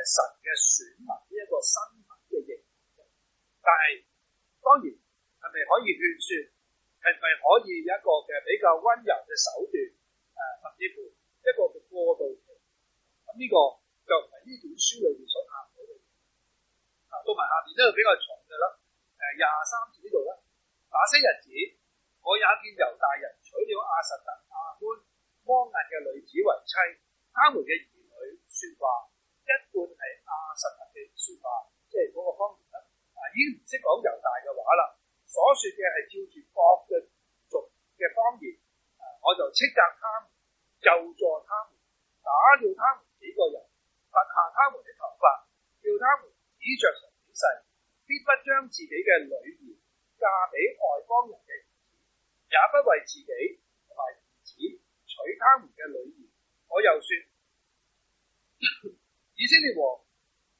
誒神嘅選民呢、這個、一個新嘅認知，但係當然係咪可以勸說，係咪可以有一個嘅比較溫柔嘅手段，誒、呃、甚至乎一個嘅過渡期？咁呢個就唔係呢本書裏面所下。到埋下面呢度比較重嘅啦。誒，廿三節呢度啦，那些日子我也見猶大人娶了亞實突亞捫摩押嘅女子為妻，他們嘅兒女說話，一半係亞實突嘅說話，即係嗰個方言啦。啊，已經唔識講猶大嘅話啦。所說嘅係照住各嘅族嘅方言，我就斥責他們，咒詛他們，打掉他們幾個人，拔下他們嘅頭髮，叫他們指着必不將自己嘅女兒嫁俾外邦人哋，也不為自己同埋兒子娶他們嘅女兒。我又說， 以色列王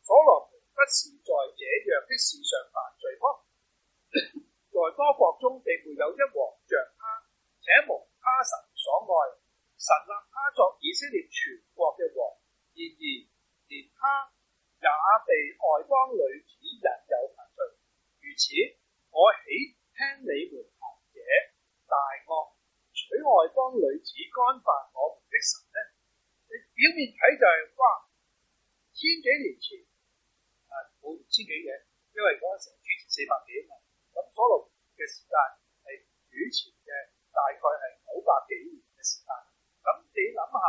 所羅門不是在這樣的事上犯罪麼？ 在多國中，並沒有一王像他，且蒙他神所愛，神立他作以色列全國嘅王，然而連他。也被外邦女子引誘犯罪，如此我豈聽你們行野大惡娶外邦女子干犯我們的神呢？你表面睇就係、是、哇，千幾年前啊，好千幾年，因為陣時主前四百幾嘛，咁所羅門嘅時間係主前嘅大概係九百幾年嘅時間，咁你諗下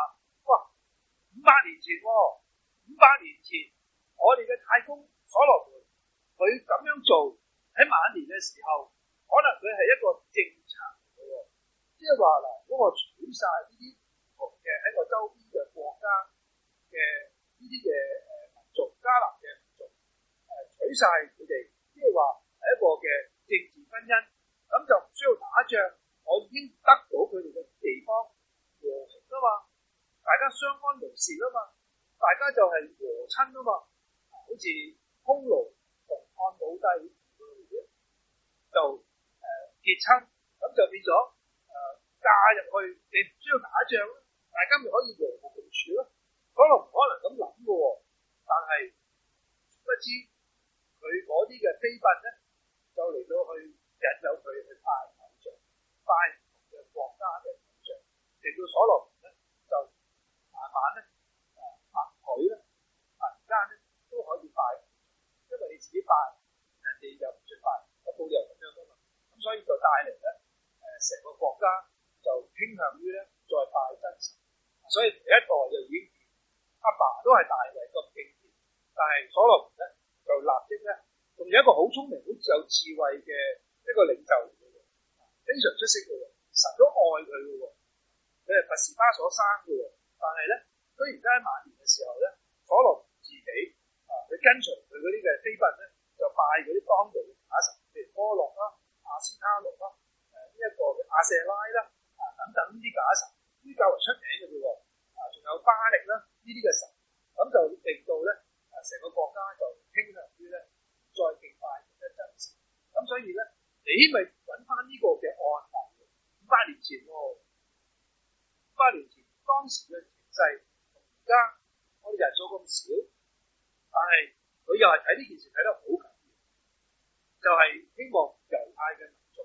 哇，五百年前，哦，五百年前。我哋嘅太公所羅門，佢咁樣做喺晚年嘅時候，可能佢係一個政策，即係話嗱，嗰個取晒呢啲嘅喺個周邊嘅國家嘅呢啲嘅，誒民族，迦南嘅民族，誒取晒佢哋，即係話係一個嘅政治婚姻，咁就唔需要打仗。我已經得到佢哋嘅地方和平啊嘛，大家相安無事啊嘛，大家就係和親啊嘛。好似匈奴同漢武帝就誒結親，咁就變咗誒嫁入去，你唔需要打仗咯，大家咪可以和睦共處咯。可能唔可能咁諗嘅喎，但係不知佢嗰啲嘅飛鴿咧，就嚟到去引誘佢去派偶像，拜唔同嘅國家嘅偶像嚟到所羅門咧，就慢慢咧誒拔腿咧。可以拜，因為你自己拜人哋就唔出拜，咁冇理由咁樣噶嘛。咁所以就帶嚟咧，誒成個國家就傾向於咧再拜真神。所以第一代就已經阿爸都係大衛咁敬天，但係所羅門咧就立即咧，仲有一個好聰明、好有智慧嘅一個領袖嚟嘅，非常出色嘅喎。神都愛佢嘅喎，佢係拔示巴所生嘅喎。但係咧，佢而家喺晚年嘅時候咧，所羅門自己。佢跟隨佢嗰啲嘅妃嬪咧，就拜嗰啲當地嘅假神，譬如波洛啦、亞斯卡洛啦、誒呢一個嘅亞舍拉啦啊等等呢啲假神，呢啲較為出名嘅啫喎，啊仲有巴力啦呢啲嘅神，咁就令到咧啊成個國家就傾向於咧再敬拜呢啲真神，咁所以咧，你咪揾翻呢個嘅案發現？五百年前喎，五百年前當時嘅情勢，而家我哋人數咁少。但係佢又係睇呢件事睇得好緊要，就係、是、希望猶太嘅民族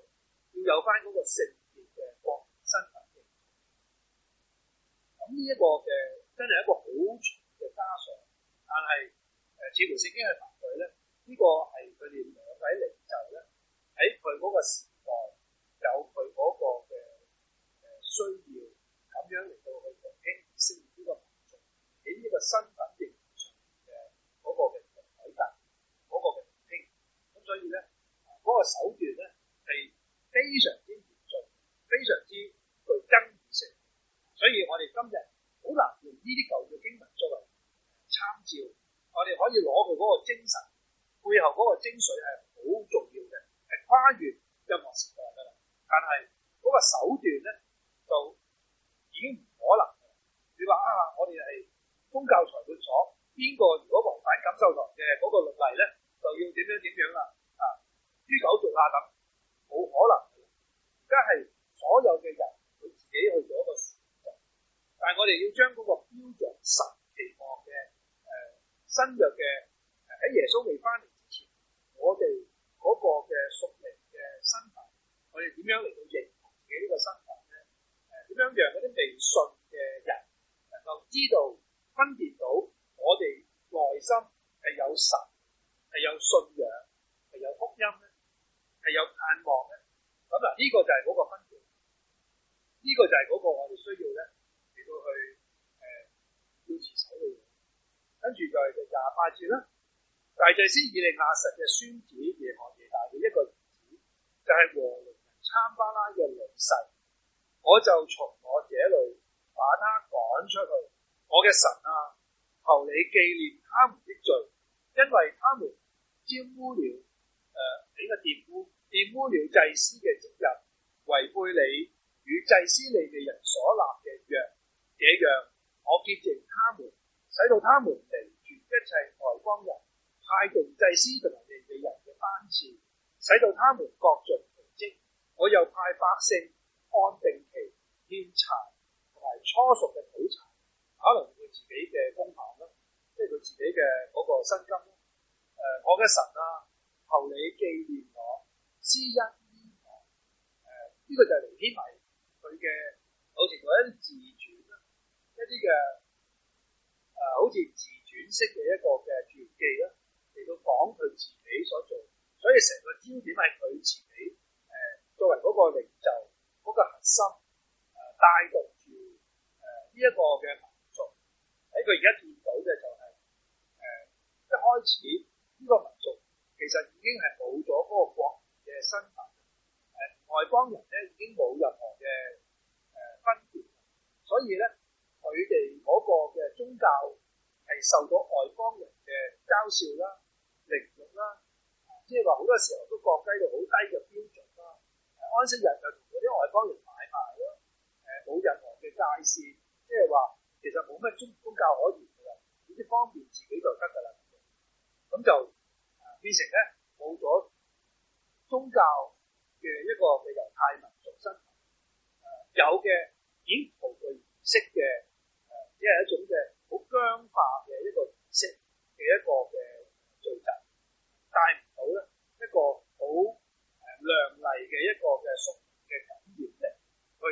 要有翻個個承嘅國民身份嘅。咁呢一個嘅真係一個好嘅家常，但係誒、呃、似乎聖經嘅應佢咧，這個、呢個係佢哋兩位領袖嚟就係咧喺佢個時代有佢個嘅誒、呃、需要，咁樣嚟到去提升呢個民族喺呢個身份嘅。嗰個嘅體質，嗰個嘅年輕，咁所以咧，嗰個手段咧係非常之嚴重，非常之具爭議性，所以我哋今日好難用呢啲舊嘅經文作為參照，我哋可以攞佢嗰個精神背後嗰個精髓係好重要嘅，係跨越任何時代嘅，但係嗰個手段咧就已經唔可能。你話啊，我哋係宗教裁判所。邊個如果違反感受堂嘅嗰個律例呢，就要點樣點樣啦？啊，豬狗逐下咁，冇可能。而家係所有嘅人佢自己去做一個選擇，但係我哋要將嗰個標準神期望嘅誒新約嘅喺耶穌未返嚟之前，我哋嗰個嘅屬靈嘅身份，我哋點樣嚟到認同自己呢個身份呢？誒點樣讓嗰啲未信嘅人能夠知道分辨到？我哋內心係有神，係有信仰，係有福音咧，係有盼望嘅。咁嗱，呢、這個就係嗰個分別。呢、這個就係嗰個我哋需要咧，去到去誒堅持手嘅。嘢、呃。跟住就係廿八節啦。大祭司以利亞實嘅孫子，耶何耶大嘅一個兒子，就係、是、和參巴拉嘅女婿。我就從我這裏把他趕出去，我嘅神啊！求你紀念他們的罪，因為他們沾污了誒，你嘅玷污玷污了祭司嘅職任，違背你與祭司利未人所立嘅約。這樣我潔淨他們，使到他們離住一切外邦人，派定祭司同埋利未人嘅班次，使到他們各盡其職。我又派百姓按定期獻柴同埋初熟嘅土產，可能。自己嘅功效啦，即係佢自己嘅嗰個薪金。誒、呃，我嘅神啊，求你紀念我、啊，施恩。誒、啊，呢、這個就係尼希米，佢嘅，好似佢一啲自傳啦、啊，一啲嘅誒，好似自傳式嘅一個嘅傳記啦、啊，嚟到講佢自己所做。所以成個焦點係佢自己，誒、呃，作為個領袖、那個核心，呃、帶動住誒呢一個嘅。喺佢而家見到嘅就係、是、誒一開始呢個民族其實已經係冇咗嗰個國民嘅身份，誒外邦人咧已經冇任何嘅誒分別，所以咧佢哋嗰個嘅宗教係受到外邦人嘅嘲笑啦、凌辱啦，即係話好多時候都降低到好低嘅標準啦。安息人就同嗰啲外邦人買賣咯，誒冇任何嘅界線，即係話。其實冇咩宗宗教可言嘅啦，呢啲方便自己就得㗎啦。咁就變、啊、成咧冇咗宗教嘅一個嘅猶太民族身份、啊，有嘅咦無據無色嘅，即、啊、係一種嘅好僵化嘅一個儀式嘅一個嘅聚集，帶唔到咧一個好亮麗嘅一個嘅熟嘅感染力，去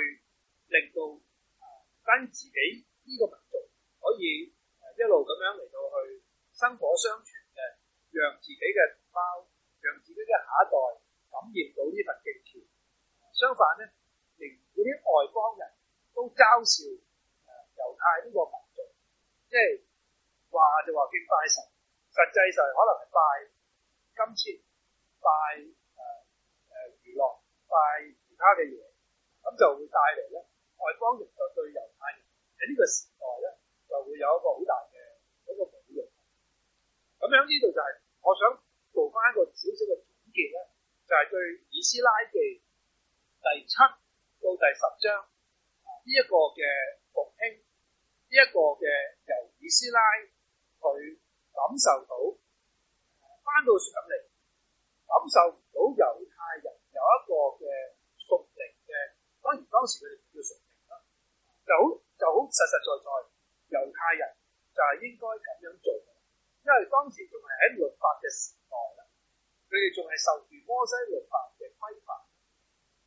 令到跟、啊、自己。呢、這個民族可以誒一路咁樣嚟到去薪火相傳嘅，讓自己嘅同胞、讓自己嘅下一代感染到呢份敬虔。相反咧，連啲外邦人都嘲笑誒猶太呢個民族，即係話就話佢拜神，實際上可能係拜金錢，拜誒誒、呃、娛樂，拜其他嘅嘢，咁就會帶嚟咧外邦人就對猶太人，喺呢個時代咧，就會有一個好大嘅一個侮辱。咁樣呢度就係、是、我想做返一個小小嘅總結咧，就係、是《以斯拉記》第七到第十章呢一、這個嘅復興，呢、這、一個嘅由以斯拉去感受到翻到上嚟，感受唔到猶太人有一個嘅屬靈嘅。當然當時佢哋叫屬靈啦，就好。就、哦、好實實在在，在，猶太人就係應該咁樣做，因為當時仲係喺律法嘅時代啦，佢哋仲係受住摩西律法嘅規範，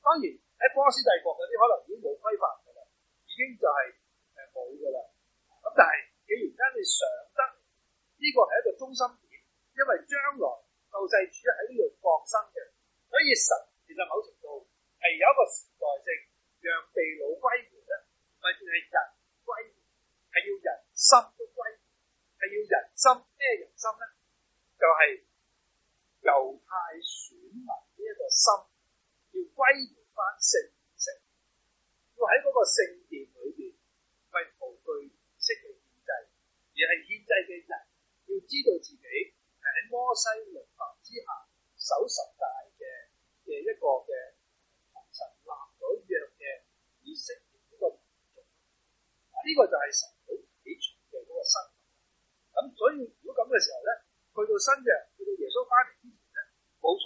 當然喺波斯帝國嗰啲可能已經冇規範噶啦，已經就係誒冇噶啦。咁但係既然你想得呢、這個係一個中心點，因為將來救世主喺呢度降生嘅，所以神其實某程度係有一個時代性，讓地老歸。咪算係人歸，係要人心都歸，係要人心咩？人心咧就係、是、猶太選民呢一個心，要歸回翻聖城，要喺嗰個聖殿裏邊為道具意識獻祭，而係獻祭嘅人要知道自己係喺摩西律法之下守十大誡嘅嘅一個嘅神立咗約嘅意識。呢、啊，這個就係神好起重嘅個身份，咁所以如果咁嘅時候咧，去到新嘅，去到耶穌翻嚟之前咧，冇錯，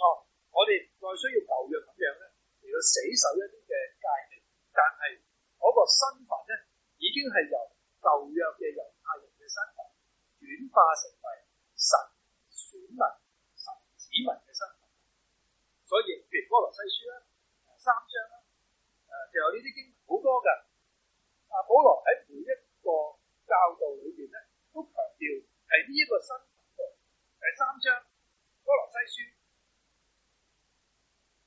我哋唔再需要舊約咁樣咧，嚟到死守一啲嘅戒命，但係個身份咧，已經係由舊約嘅猶太人嘅身份轉化成為神選民、神子民嘅身份，所以譬如哥羅西書啦，三章啦，誒、啊，就有呢啲經好多嘅。阿保羅喺每一個教導裏邊咧，都強調係呢一個新約第三章《哥羅西書》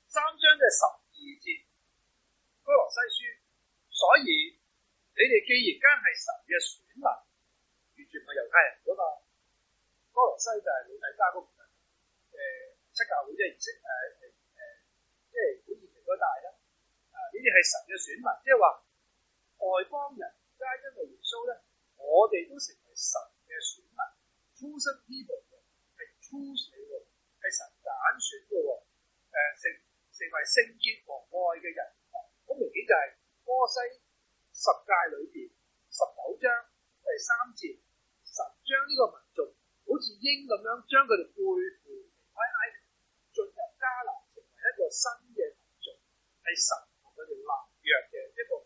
三章嘅十二節《哥羅西書》，所以你哋既然間係神嘅選民，完全係猶太人嗰嘛。哥羅西就係老底嘉嗰個誒、呃、七教會即係唔識誒誒，即係普遍程度大啦。啊、呃，你哋係神嘅選民，即係話。外邦人加一個元素咧，我哋都成為神嘅選民，chosen people 嘅係 choose 嚟嘅，係神揀選嘅。誒，成成為聖潔和愛嘅人，好明顯就係摩西十誡裏邊十九章第三節，神將呢個民族好似鷹咁樣將佢哋背負喺埃及，進入迦南，成為一個新嘅民族，係神同佢哋立約嘅一個。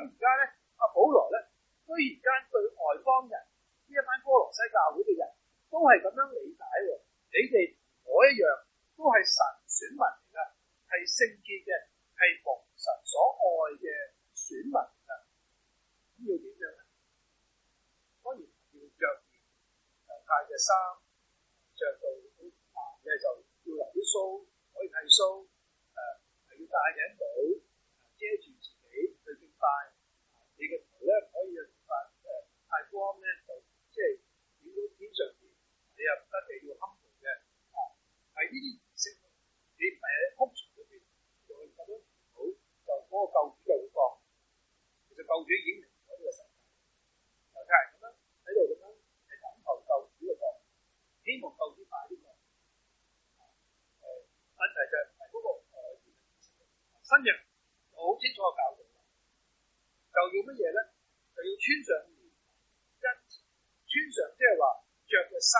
咁而家咧，阿保羅咧，居然間對外邦人呢一班哥羅西教會嘅人，都係咁樣理解喎。你哋我一樣都係神選民嚟㗎，係聖潔嘅，係蒙神所愛嘅選民㗎。咁要點樣咧？當然要著平派嘅衫，著到啊，而係就要留啲鬚，可以剃鬚。誒係要戴頂帽遮住自己去敬拜。你個頭咧可以啊，誒太光咧就即係點到點上邊，你又唔一定要冚盤嘅啊。喺呢啲儀式，你係喺屋場裏邊，就咁樣好，就嗰個舊主就會降。其實舊主已經明咗呢個實質，就係咁啦。喺度咁啦，係等候舊主嚟降，希望舊主快啲降。誒問題就係嗰個誒新人，好清楚嘅教育。就要乜嘢咧？就要穿上恩，穿上即係話着嘅衫，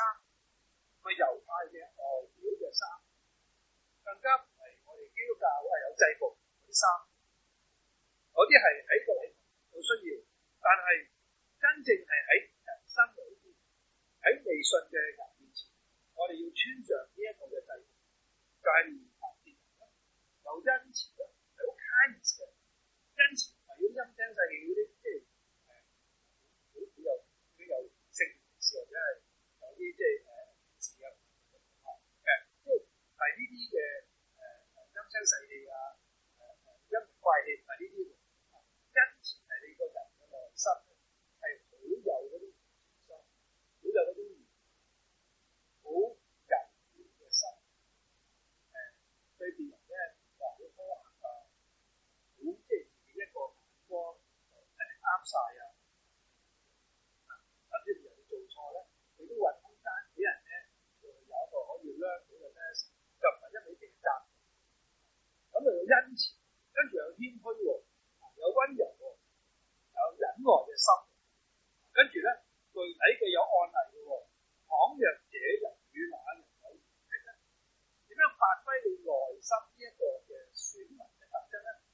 個猶太嘅外表嘅衫，更加唔係我哋基督教係有制服嗰啲衫。有啲係喺個禮拜有需要，但係真正係喺人生裏邊，喺未信嘅人面前，我哋要穿上呢一個嘅制服，勤勤勉勉，又恩慈，係好謙卑嘅，因此。陰聲細氣嗰啲，即係好有、好有成，或者係有啲即係誒事啊，誒、嗯，即係係呢啲嘅誒陰聲細氣啊，陰怪氣，係呢啲，跟前係你個人嘅內心係好有嗰啲，好有嗰啲，好。啱曬啊！嗱，咁點解佢做錯咧？你都揾空間俾人咧，有有一個可以 learning 嘅 message。又唔係一味掟責，咁佢有恩慈，跟住有謙虛喎，有溫柔喎，有忍耐嘅心。跟住咧，具體嘅有案例嘅喎，倘若這人與那人點樣發揮你內心呢一個嘅選民嘅特質咧？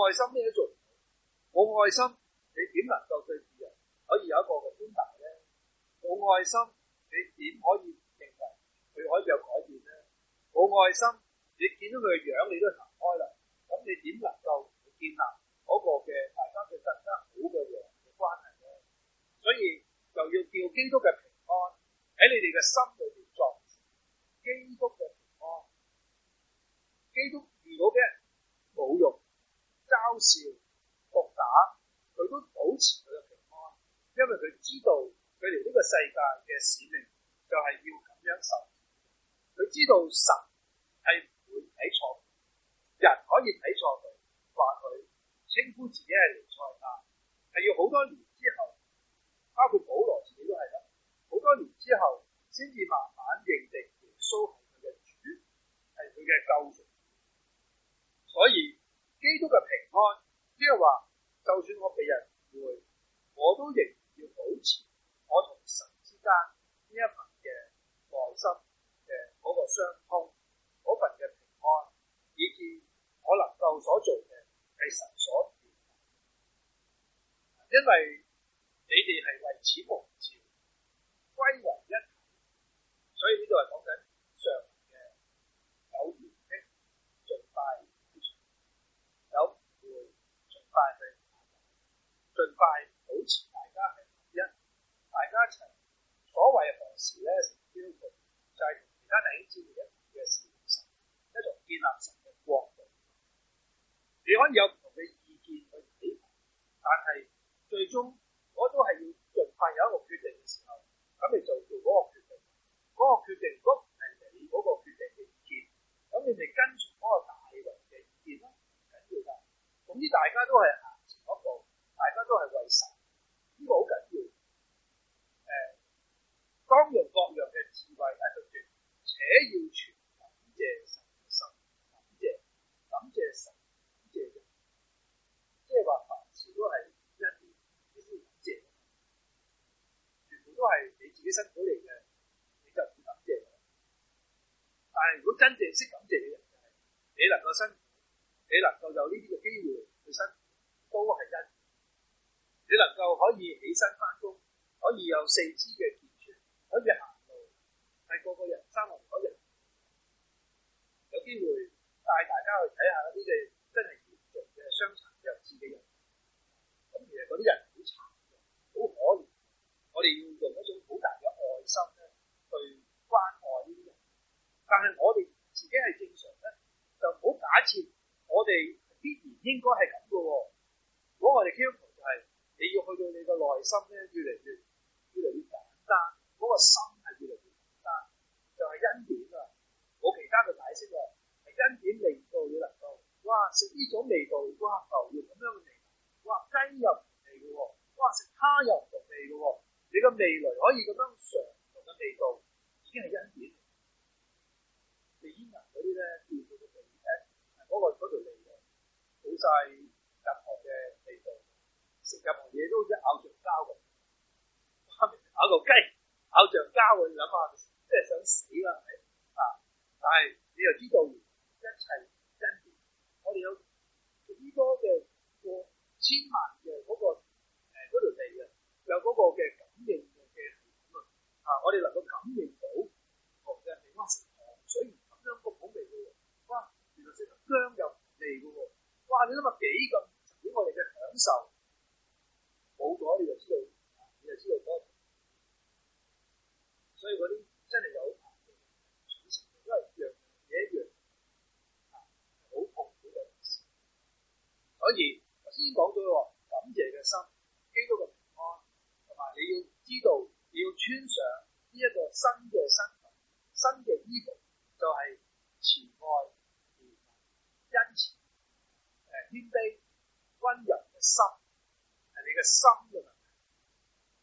愛心咩都做唔到，冇愛心你點能夠對人可以有一個嘅寬大咧？冇愛心你點可以認為佢可以有改變咧？冇愛心你見到佢嘅樣你都行開啦，咁你點能夠建立嗰個嘅大家嘅更加好嘅和嘅關係咧？所以就要叫基督嘅平安喺你哋嘅心裏邊作主，基督嘅平安，基督遇到俾人。笑毒打，佢都保持佢嘅平安，因為佢知道佢嚟呢個世界嘅使命就係要咁樣受。佢知道神係唔會睇錯，人可以睇錯佢，話佢稱呼自己係奴才啊，係要好多年之後，包括保羅自己都係啦，好多年之後先至慢慢認定耶穌係佢嘅主，係佢嘅救贖。所以基督嘅。即係話，就算我被人誤會，我都仍要保持我同神之間呢一份嘅內心嘅、嗰個相通，份嘅平安，以至我能夠所做嘅係神所要。因為你哋係為此千紅歸為一，所以呢度係講。快保持大家係同一，大家一齊，所謂何時咧？是標準，就係、是、而家第一次嘅嘅事實，一路建立神嘅國度。你可以有唔同嘅意見去睇，但係最終我都係要儘快有一個決定嘅時候，咁你就做做嗰個決定。嗰、那個決定，如果唔係你嗰、那個決定嘅意見，咁你咪跟從嗰個大眾嘅意見囉，唔緊要㗎。總之大家都係。大家都係為神，呢個好緊要。誒、嗯，各樣嘅智慧喺度轉，且要全感謝神，感謝感謝神，感謝人，即係話凡事都係因，先感謝人。全部都係你自己辛苦嚟嘅，你就唔感謝人。但係如果真正識感謝嘅人，就係、你能夠生，你能夠有呢啲嘅機會去生，都係因。你能夠可以起身返工，可以有四肢嘅健全，可以行路，但係個個人生路。嗰日有機會帶大家去睇下呢啲真係嚴重嘅傷殘弱智嘅人，咁其實嗰啲人好慘嘅，好可憐，我哋要用一種好大嘅愛心咧去關愛呢啲人，但係我哋自己係正常咧，就唔好假設我哋必然應該係咁嘅喎。如果我哋你要去到你個內心咧，越嚟越越嚟越簡單，嗰個心係越嚟越簡單，就係恩典啊！冇其他嘅就解釋話，係恩典嚟到你能夠，哇！食呢種味道，哇！牛肉咁樣嘅味，哇！雞又唔同味嘅喎，哇！食蝦又唔同味嘅喎，你個味蕾可以咁樣嚐常同嘅味道已經係恩典。味煙韌嗰啲咧，叫做誒嗰個嗰條脷冇曬。食任何嘢都好似咬橡膠咁，下面咬嚿雞咬橡膠喎，你諗下，即係想死啦，係啊，但係你又知道一切因我哋有呢個嘅千萬嘅嗰個誒嗰條地啊，有嗰個嘅感應嘅嘅嚟噶啊，我哋能夠感應到糖嘅味，哇！食糖，所以咁樣個好味嘅喎，哇！原來食得姜又味嘅喎，哇！你諗下幾咁俾我哋嘅享受。冇咗，你就知道，你就知道嗰，所以嗰啲真係有，因為一樣嘢一樣。啊，好痛苦嘅事。所以頭先講咗，感謝嘅心，基督嘅平安，同埋你要知道，你要穿上呢一個新嘅身份，新嘅衣服，就係、是、慈愛、恩、嗯、慈、誒、啊、謙卑、溫柔嘅心。你嘅心嘅問題，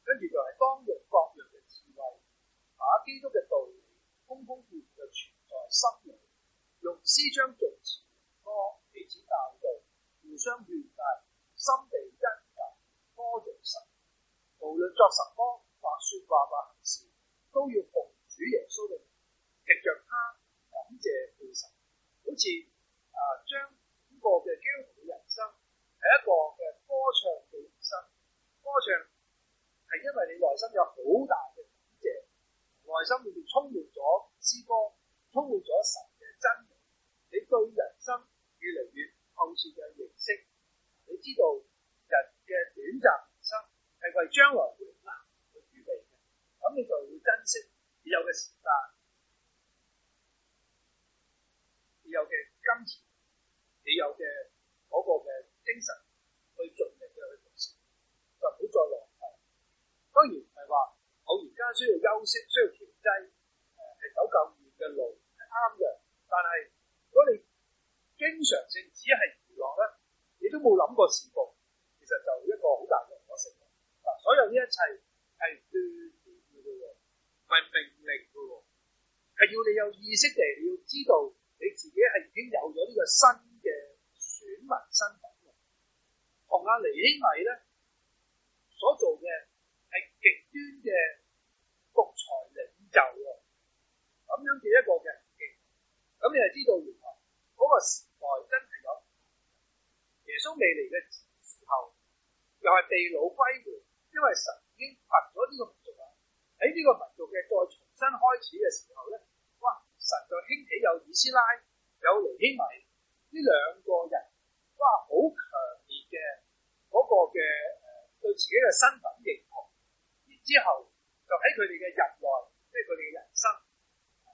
跟住就係當用各樣嘅智慧，把、啊、基督嘅道理豐豐富富嘅存在心裏，用詩章造詞歌彼此教導，互相勸戒，心地恩人歌頌神。無論作什麼話說話話行事，都要奉主耶穌嘅名，藉着他感謝父神。好似啊，將整個嘅基督徒人生係一個嘅歌唱。歌唱係因為你內心有好大嘅感謝，內心裏面充滿咗詩歌，充滿咗神嘅真理。你對人生越嚟越透徹嘅認識，你知道人嘅短暫人生係為將來嘅美好去準備嘅，咁你就會珍惜你有嘅時間，你有嘅金錢，你有嘅嗰個嘅精神，有的精神去盡。唔好再浪費。當然係話，我而家需要休息，需要調劑，誒、呃，走咁遠嘅路係啱嘅。但係如果你經常性只係娛樂咧，你都冇諗過事步，其實就一個好大嘅可惜。嗱、呃，所有呢一切係鍛鍊嘅喎，唔係命令嘅喎，係要你有意識地，你要知道你自己係已經有咗呢個新嘅選民身份嘅。同阿、啊、李興禮咧。所做嘅係極端嘅獨裁領袖喎，咁樣嘅一個嘅，咁你就知道原來嗰個時代真係講耶穌未嚟嘅時候，又係被擄歸回，因為神已經罰咗呢個民族啊。喺呢個民族嘅再重新開始嘅時候咧，哇！神就興起有以斯拉有尼希米呢兩個人，哇！好強烈嘅嗰個嘅。對自己嘅身份認同，然之後就喺佢哋嘅日內，即係佢哋嘅人生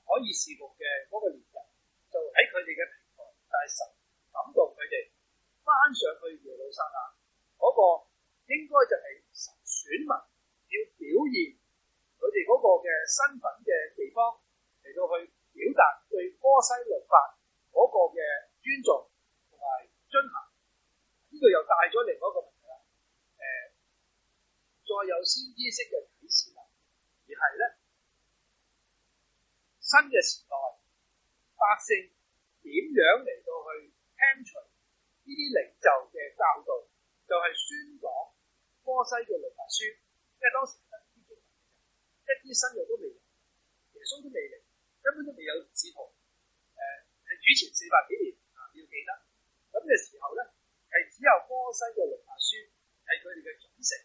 可以事奉嘅個年齡，就喺佢哋嘅平台，但係神感動佢哋翻上去耶路撒冷個應該就係選民要表現佢哋個嘅身份嘅地方，嚟到去表達對摩西律法個嘅尊重同埋遵循。呢度又帶咗另一個。再有先知式嘅啟示啦，而係咧新嘅時代，百姓點樣嚟到去聽從呢啲領袖嘅教導？就係、是、宣講波西嘅《律法書》，因為當時一啲新人，一啲新人都未有，耶穌都未嚟，根本都未有使徒。誒、呃，係以前四百幾年啊，你要記得咁嘅、那個、時候咧，係只有波西嘅《律法書》係佢哋嘅總成。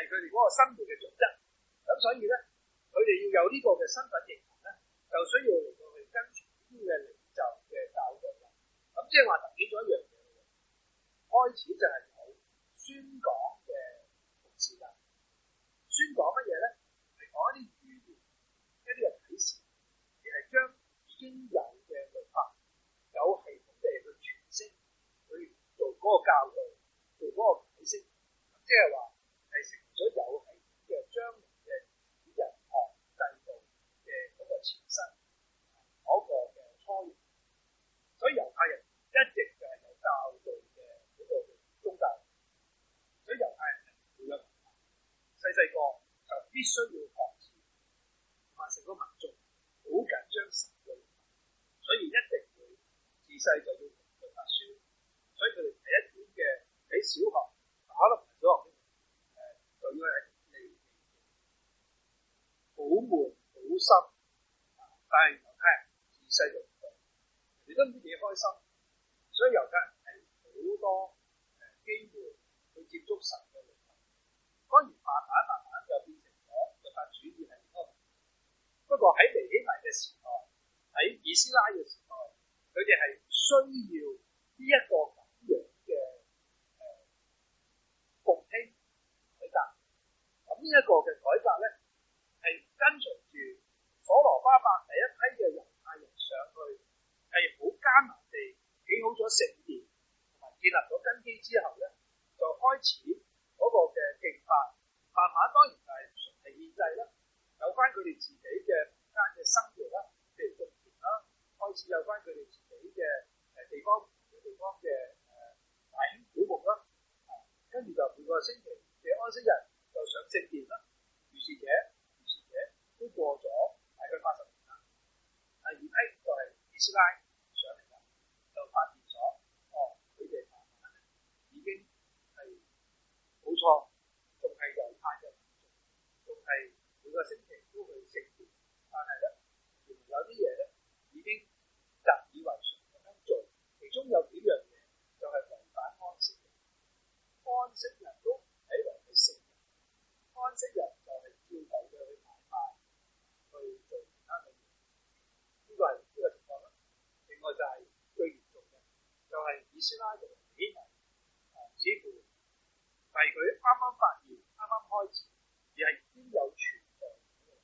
係佢哋嗰個生活嘅組織，咁所以咧，佢哋要有這個呢個嘅身份認同咧，就需要嚟到去跟住呢啲嘅領袖嘅教育。咁即係話凸顯咗一樣嘢，開始就係有宣講嘅時間。宣講乜嘢咧？係講一啲預言，一啲嘅啟示，而係將已經有嘅文化有系統地去詮釋去做嗰個教育，做嗰個解釋。即係話。所以有係嘅將來嘅主人學制度嘅個前身個嘅初，所以猶太人一直就係有教導嘅嗰個宗教，所以猶太人唔會有細細個就必須要學字，啊成個民族好緊張實用，所以一定會自細就要讀讀書，所以佢哋第一點嘅喺小學。佢係好悶好心，但係遊客自細用，你都唔知幾開心，所以遊客係好多誒機會去接觸神嘅靈魂。當然，慢慢慢慢就變成咗個主義係。不過喺尼希米嘅時代，喺以斯拉嘅時代，佢哋係需要呢一個咁樣嘅誒服聽。呃呢一個嘅改革咧，係跟隨住所羅巴伯第一批嘅猶太人上去，係好艱難地起好咗聖殿同埋建立咗根基之後咧，就開始嗰個嘅敬拜，慢慢當然係係獻祭啦，有翻佢哋自己嘅民間嘅生活啦，譬如種田啦，開始有翻佢哋自己嘅誒地方，唔同嘅地方嘅誒大興土木啦，跟住就每個星期嘅安息日。就想聖殿啦，預示者、預示者都過咗大概八十年啦。啊，而家就係以斯拉上嚟啦，就發現咗，哦，佢哋已經係冇錯，仲係猶太人，仲係每個星期都去聖殿，但係咧，有啲嘢咧已經習以為常咁做，其中有幾樣嘢就係違反安息嘅。安息人都～就係、是、最嚴重嘅，就係、是、以斯拉、尼希米，似乎係佢啱啱發現、啱啱開始，而係已經有存在的。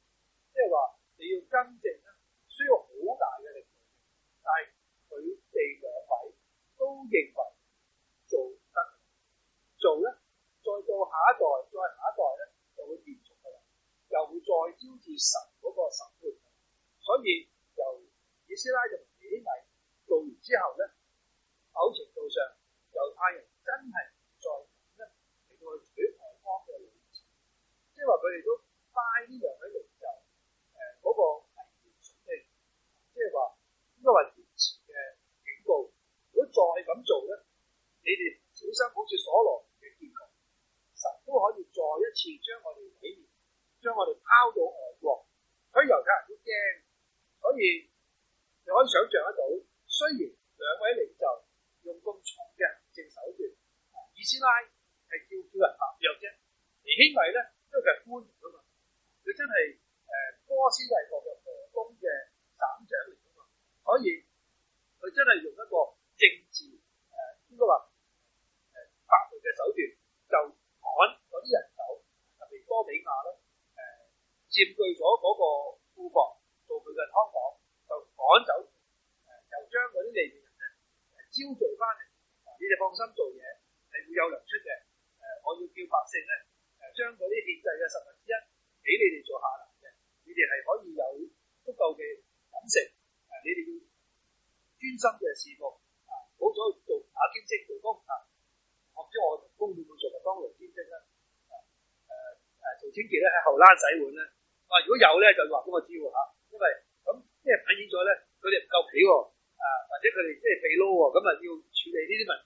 即係話你要更正咧，需要好大嘅力量。但係佢哋兩位都認為做得做咧，再到下一代，再下一代咧就會延續嘅，又會再招致神嗰個審判。所以由以斯拉、尼希米。做完之後咧，某程度上猶太人真係再咁咧，嚟到去取外國嘅靈錢，即係話佢哋都拉呢樣喺度就誒嗰個危險嘅，即係話應該話以前嘅警告。如果再咁做咧，你哋小心好似所羅門嘅結局，神都可以再一次將我哋毀滅，將我哋拋到外國。所以猶太人都驚，所以你可以想象得到。雖然兩位領袖用咁重嘅行政手段，以斯拉係叫佢哋合約啫，而尼希米咧，因為佢係官員噶嘛，佢真係誒波斯帝國個俄羅斯嘅省長嚟噶嘛，所以佢真係用一個政治誒、呃、應該話誒法律嘅手段，就趕啲人走，特別多比雅咯，誒、呃、佔據咗個富國做佢嘅劏房，就趕走。將嗰啲利未人咧招聚翻、啊，你哋放心做嘢係會有糧出嘅、啊。我要叫百姓咧，將嗰啲欠債嘅十分之一俾你哋做下難嘅。你哋係可以有足夠嘅飲食。啊、你哋要專心嘅事務，唔好咗做打兼職做工啊。知我知我工業部做麥當勞兼職啦。做清潔咧喺後欄洗碗咧。啊，如果有咧就話俾我知喎、啊、因為咁即係反映咗咧，佢哋唔夠企喎、啊。啊，或者佢哋即係肥佬喎，咁啊要處理呢啲問題。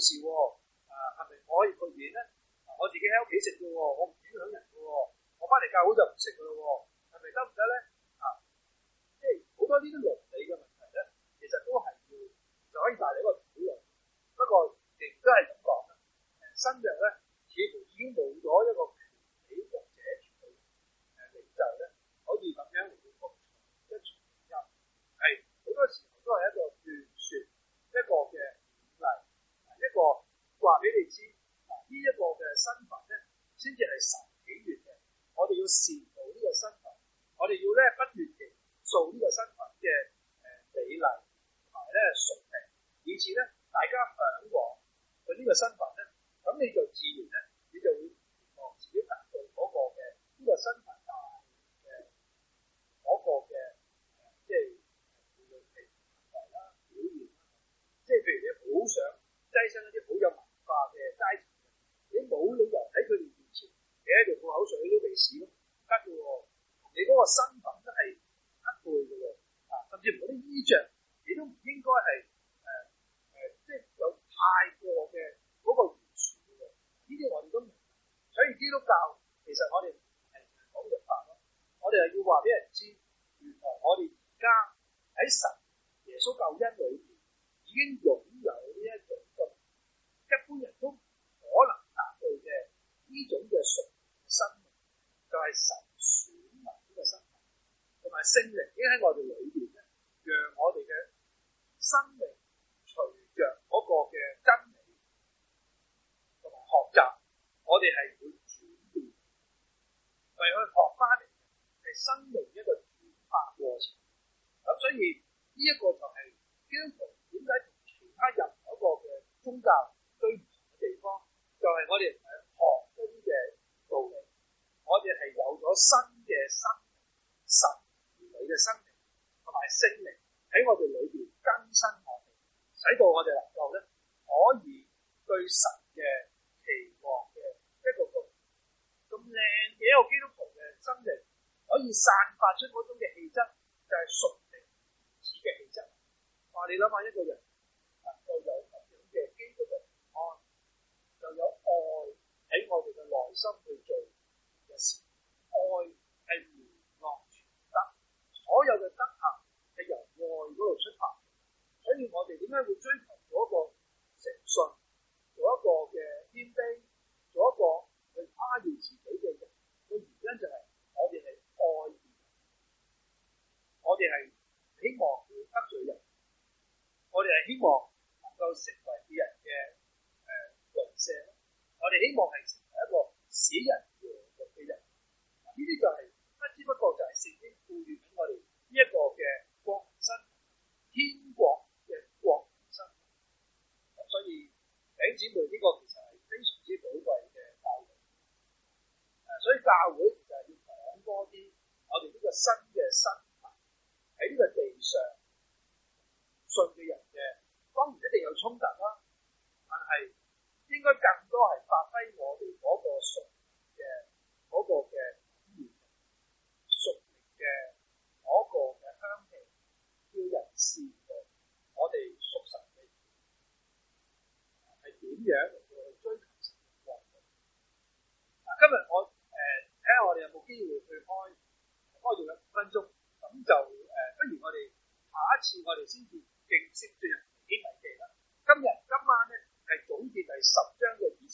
希望。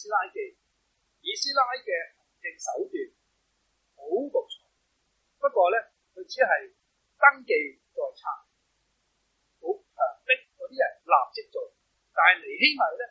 斯拉記，以斯拉嘅行政手段好獨裁，不過咧，佢只係登記在冊，好強逼嗰啲人立即做，但係尼希米咧？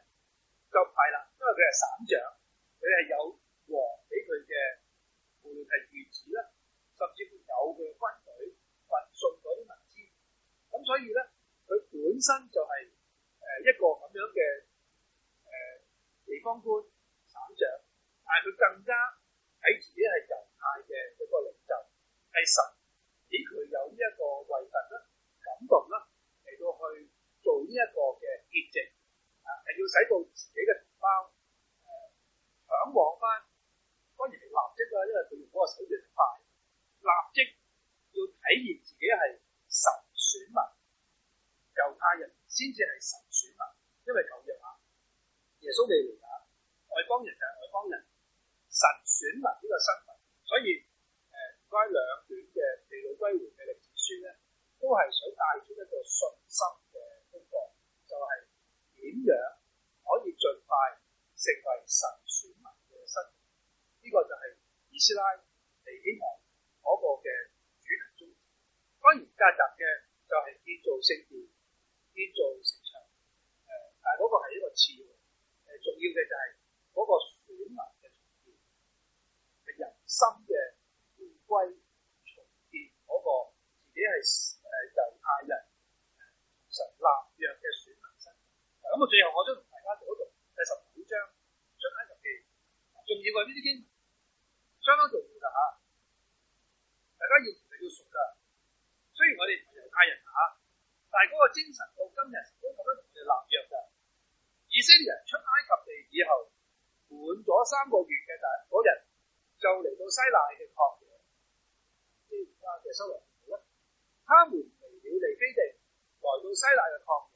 西乃嘅曠野，即而家嘅收容所咧。他們離了離非地，來到西乃嘅曠野，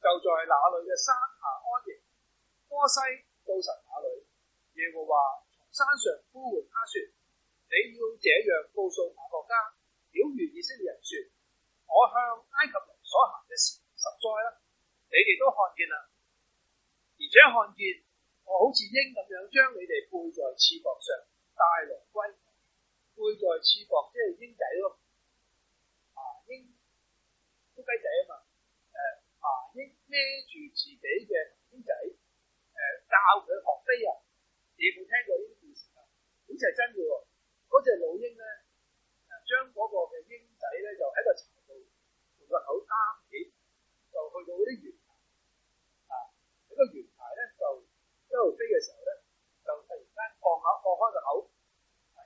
就在那裏嘅山下安營。摩西。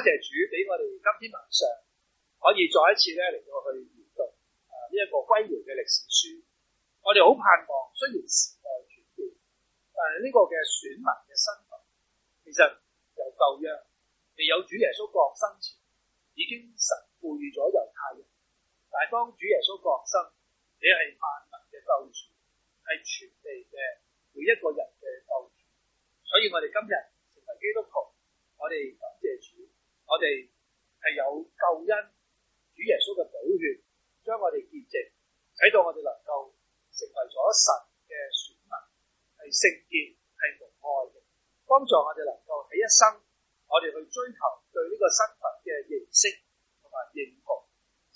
多謝主俾我哋今天晚上可以再一次咧嚟到去閱讀啊呢一個歸回嘅歷史書。我哋好盼望，雖然時代轉變，但係呢個嘅選民嘅身份，其實由舊約未有主耶穌降生前已經神背咗猶太人，但係當主耶穌降生，你係萬民嘅救主，係全地嘅每一個人嘅救主。所以我哋今日成為基督徒，我哋。我哋係有救恩，主耶穌嘅寶血將我哋潔淨，使到我哋能夠成為咗神嘅選民，係聖潔，係無愛嘅，幫助我哋能夠喺一生，我哋去追求對呢個身份嘅認識同埋認同，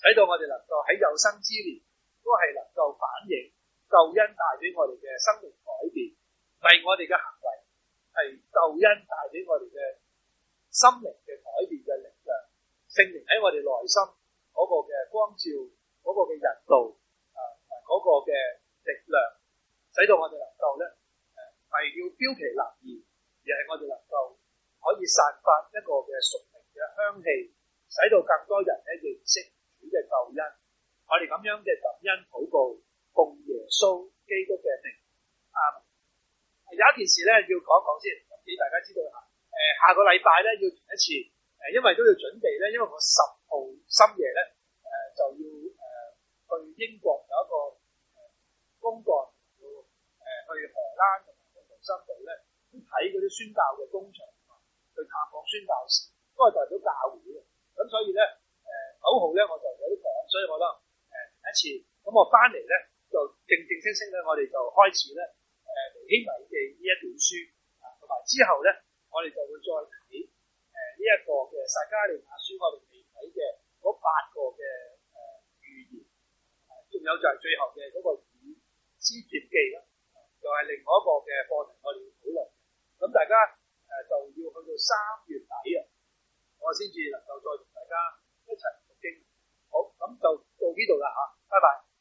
使到我哋能夠喺有生之年都係能夠反映救恩帶俾我哋嘅生命改變，唔係我哋嘅行為，係救恩帶俾我哋嘅心靈，改變嘅力量，聖靈喺我哋內心嗰個嘅光照，嗰個嘅引導啊，嗰個嘅力量，使到我哋能夠咧係要標奇立異，而係我哋能夠可以散發一個嘅屬靈嘅香氣，使到更多人咧認識主嘅救恩。我哋咁樣嘅感恩禱告，奉耶穌基督嘅名啊！有一件事咧要講一講先，俾大家知道吓。誒，下個禮拜咧要完一次。因為都要準備咧，因為我十號深夜咧，誒、呃、就要誒、呃、去英國有一個公幹，要誒、呃、去荷蘭同埋盧森堡咧，都睇嗰啲宣教嘅工場，去探訪宣教士，都係代表教會嘅。咁所以咧，誒、呃、九號咧我就有啲趕，所以我覺得第、呃、一次。咁我翻嚟咧就靜靜聲聲咧，我哋就開始咧誒讀尼希米記呢、呃、的這一段書啊，同埋之後咧我哋就會再睇。呢一個嘅撒迦利亞書，我哋未睇嘅嗰八個嘅誒預言，仲有就係最後嘅嗰個與之別記咯，又係另外一個嘅課程我哋要討論。咁大家誒就要去到三月底啊，我先至能夠再同大家一齊讀經。好，咁就到呢度啦嚇，拜拜。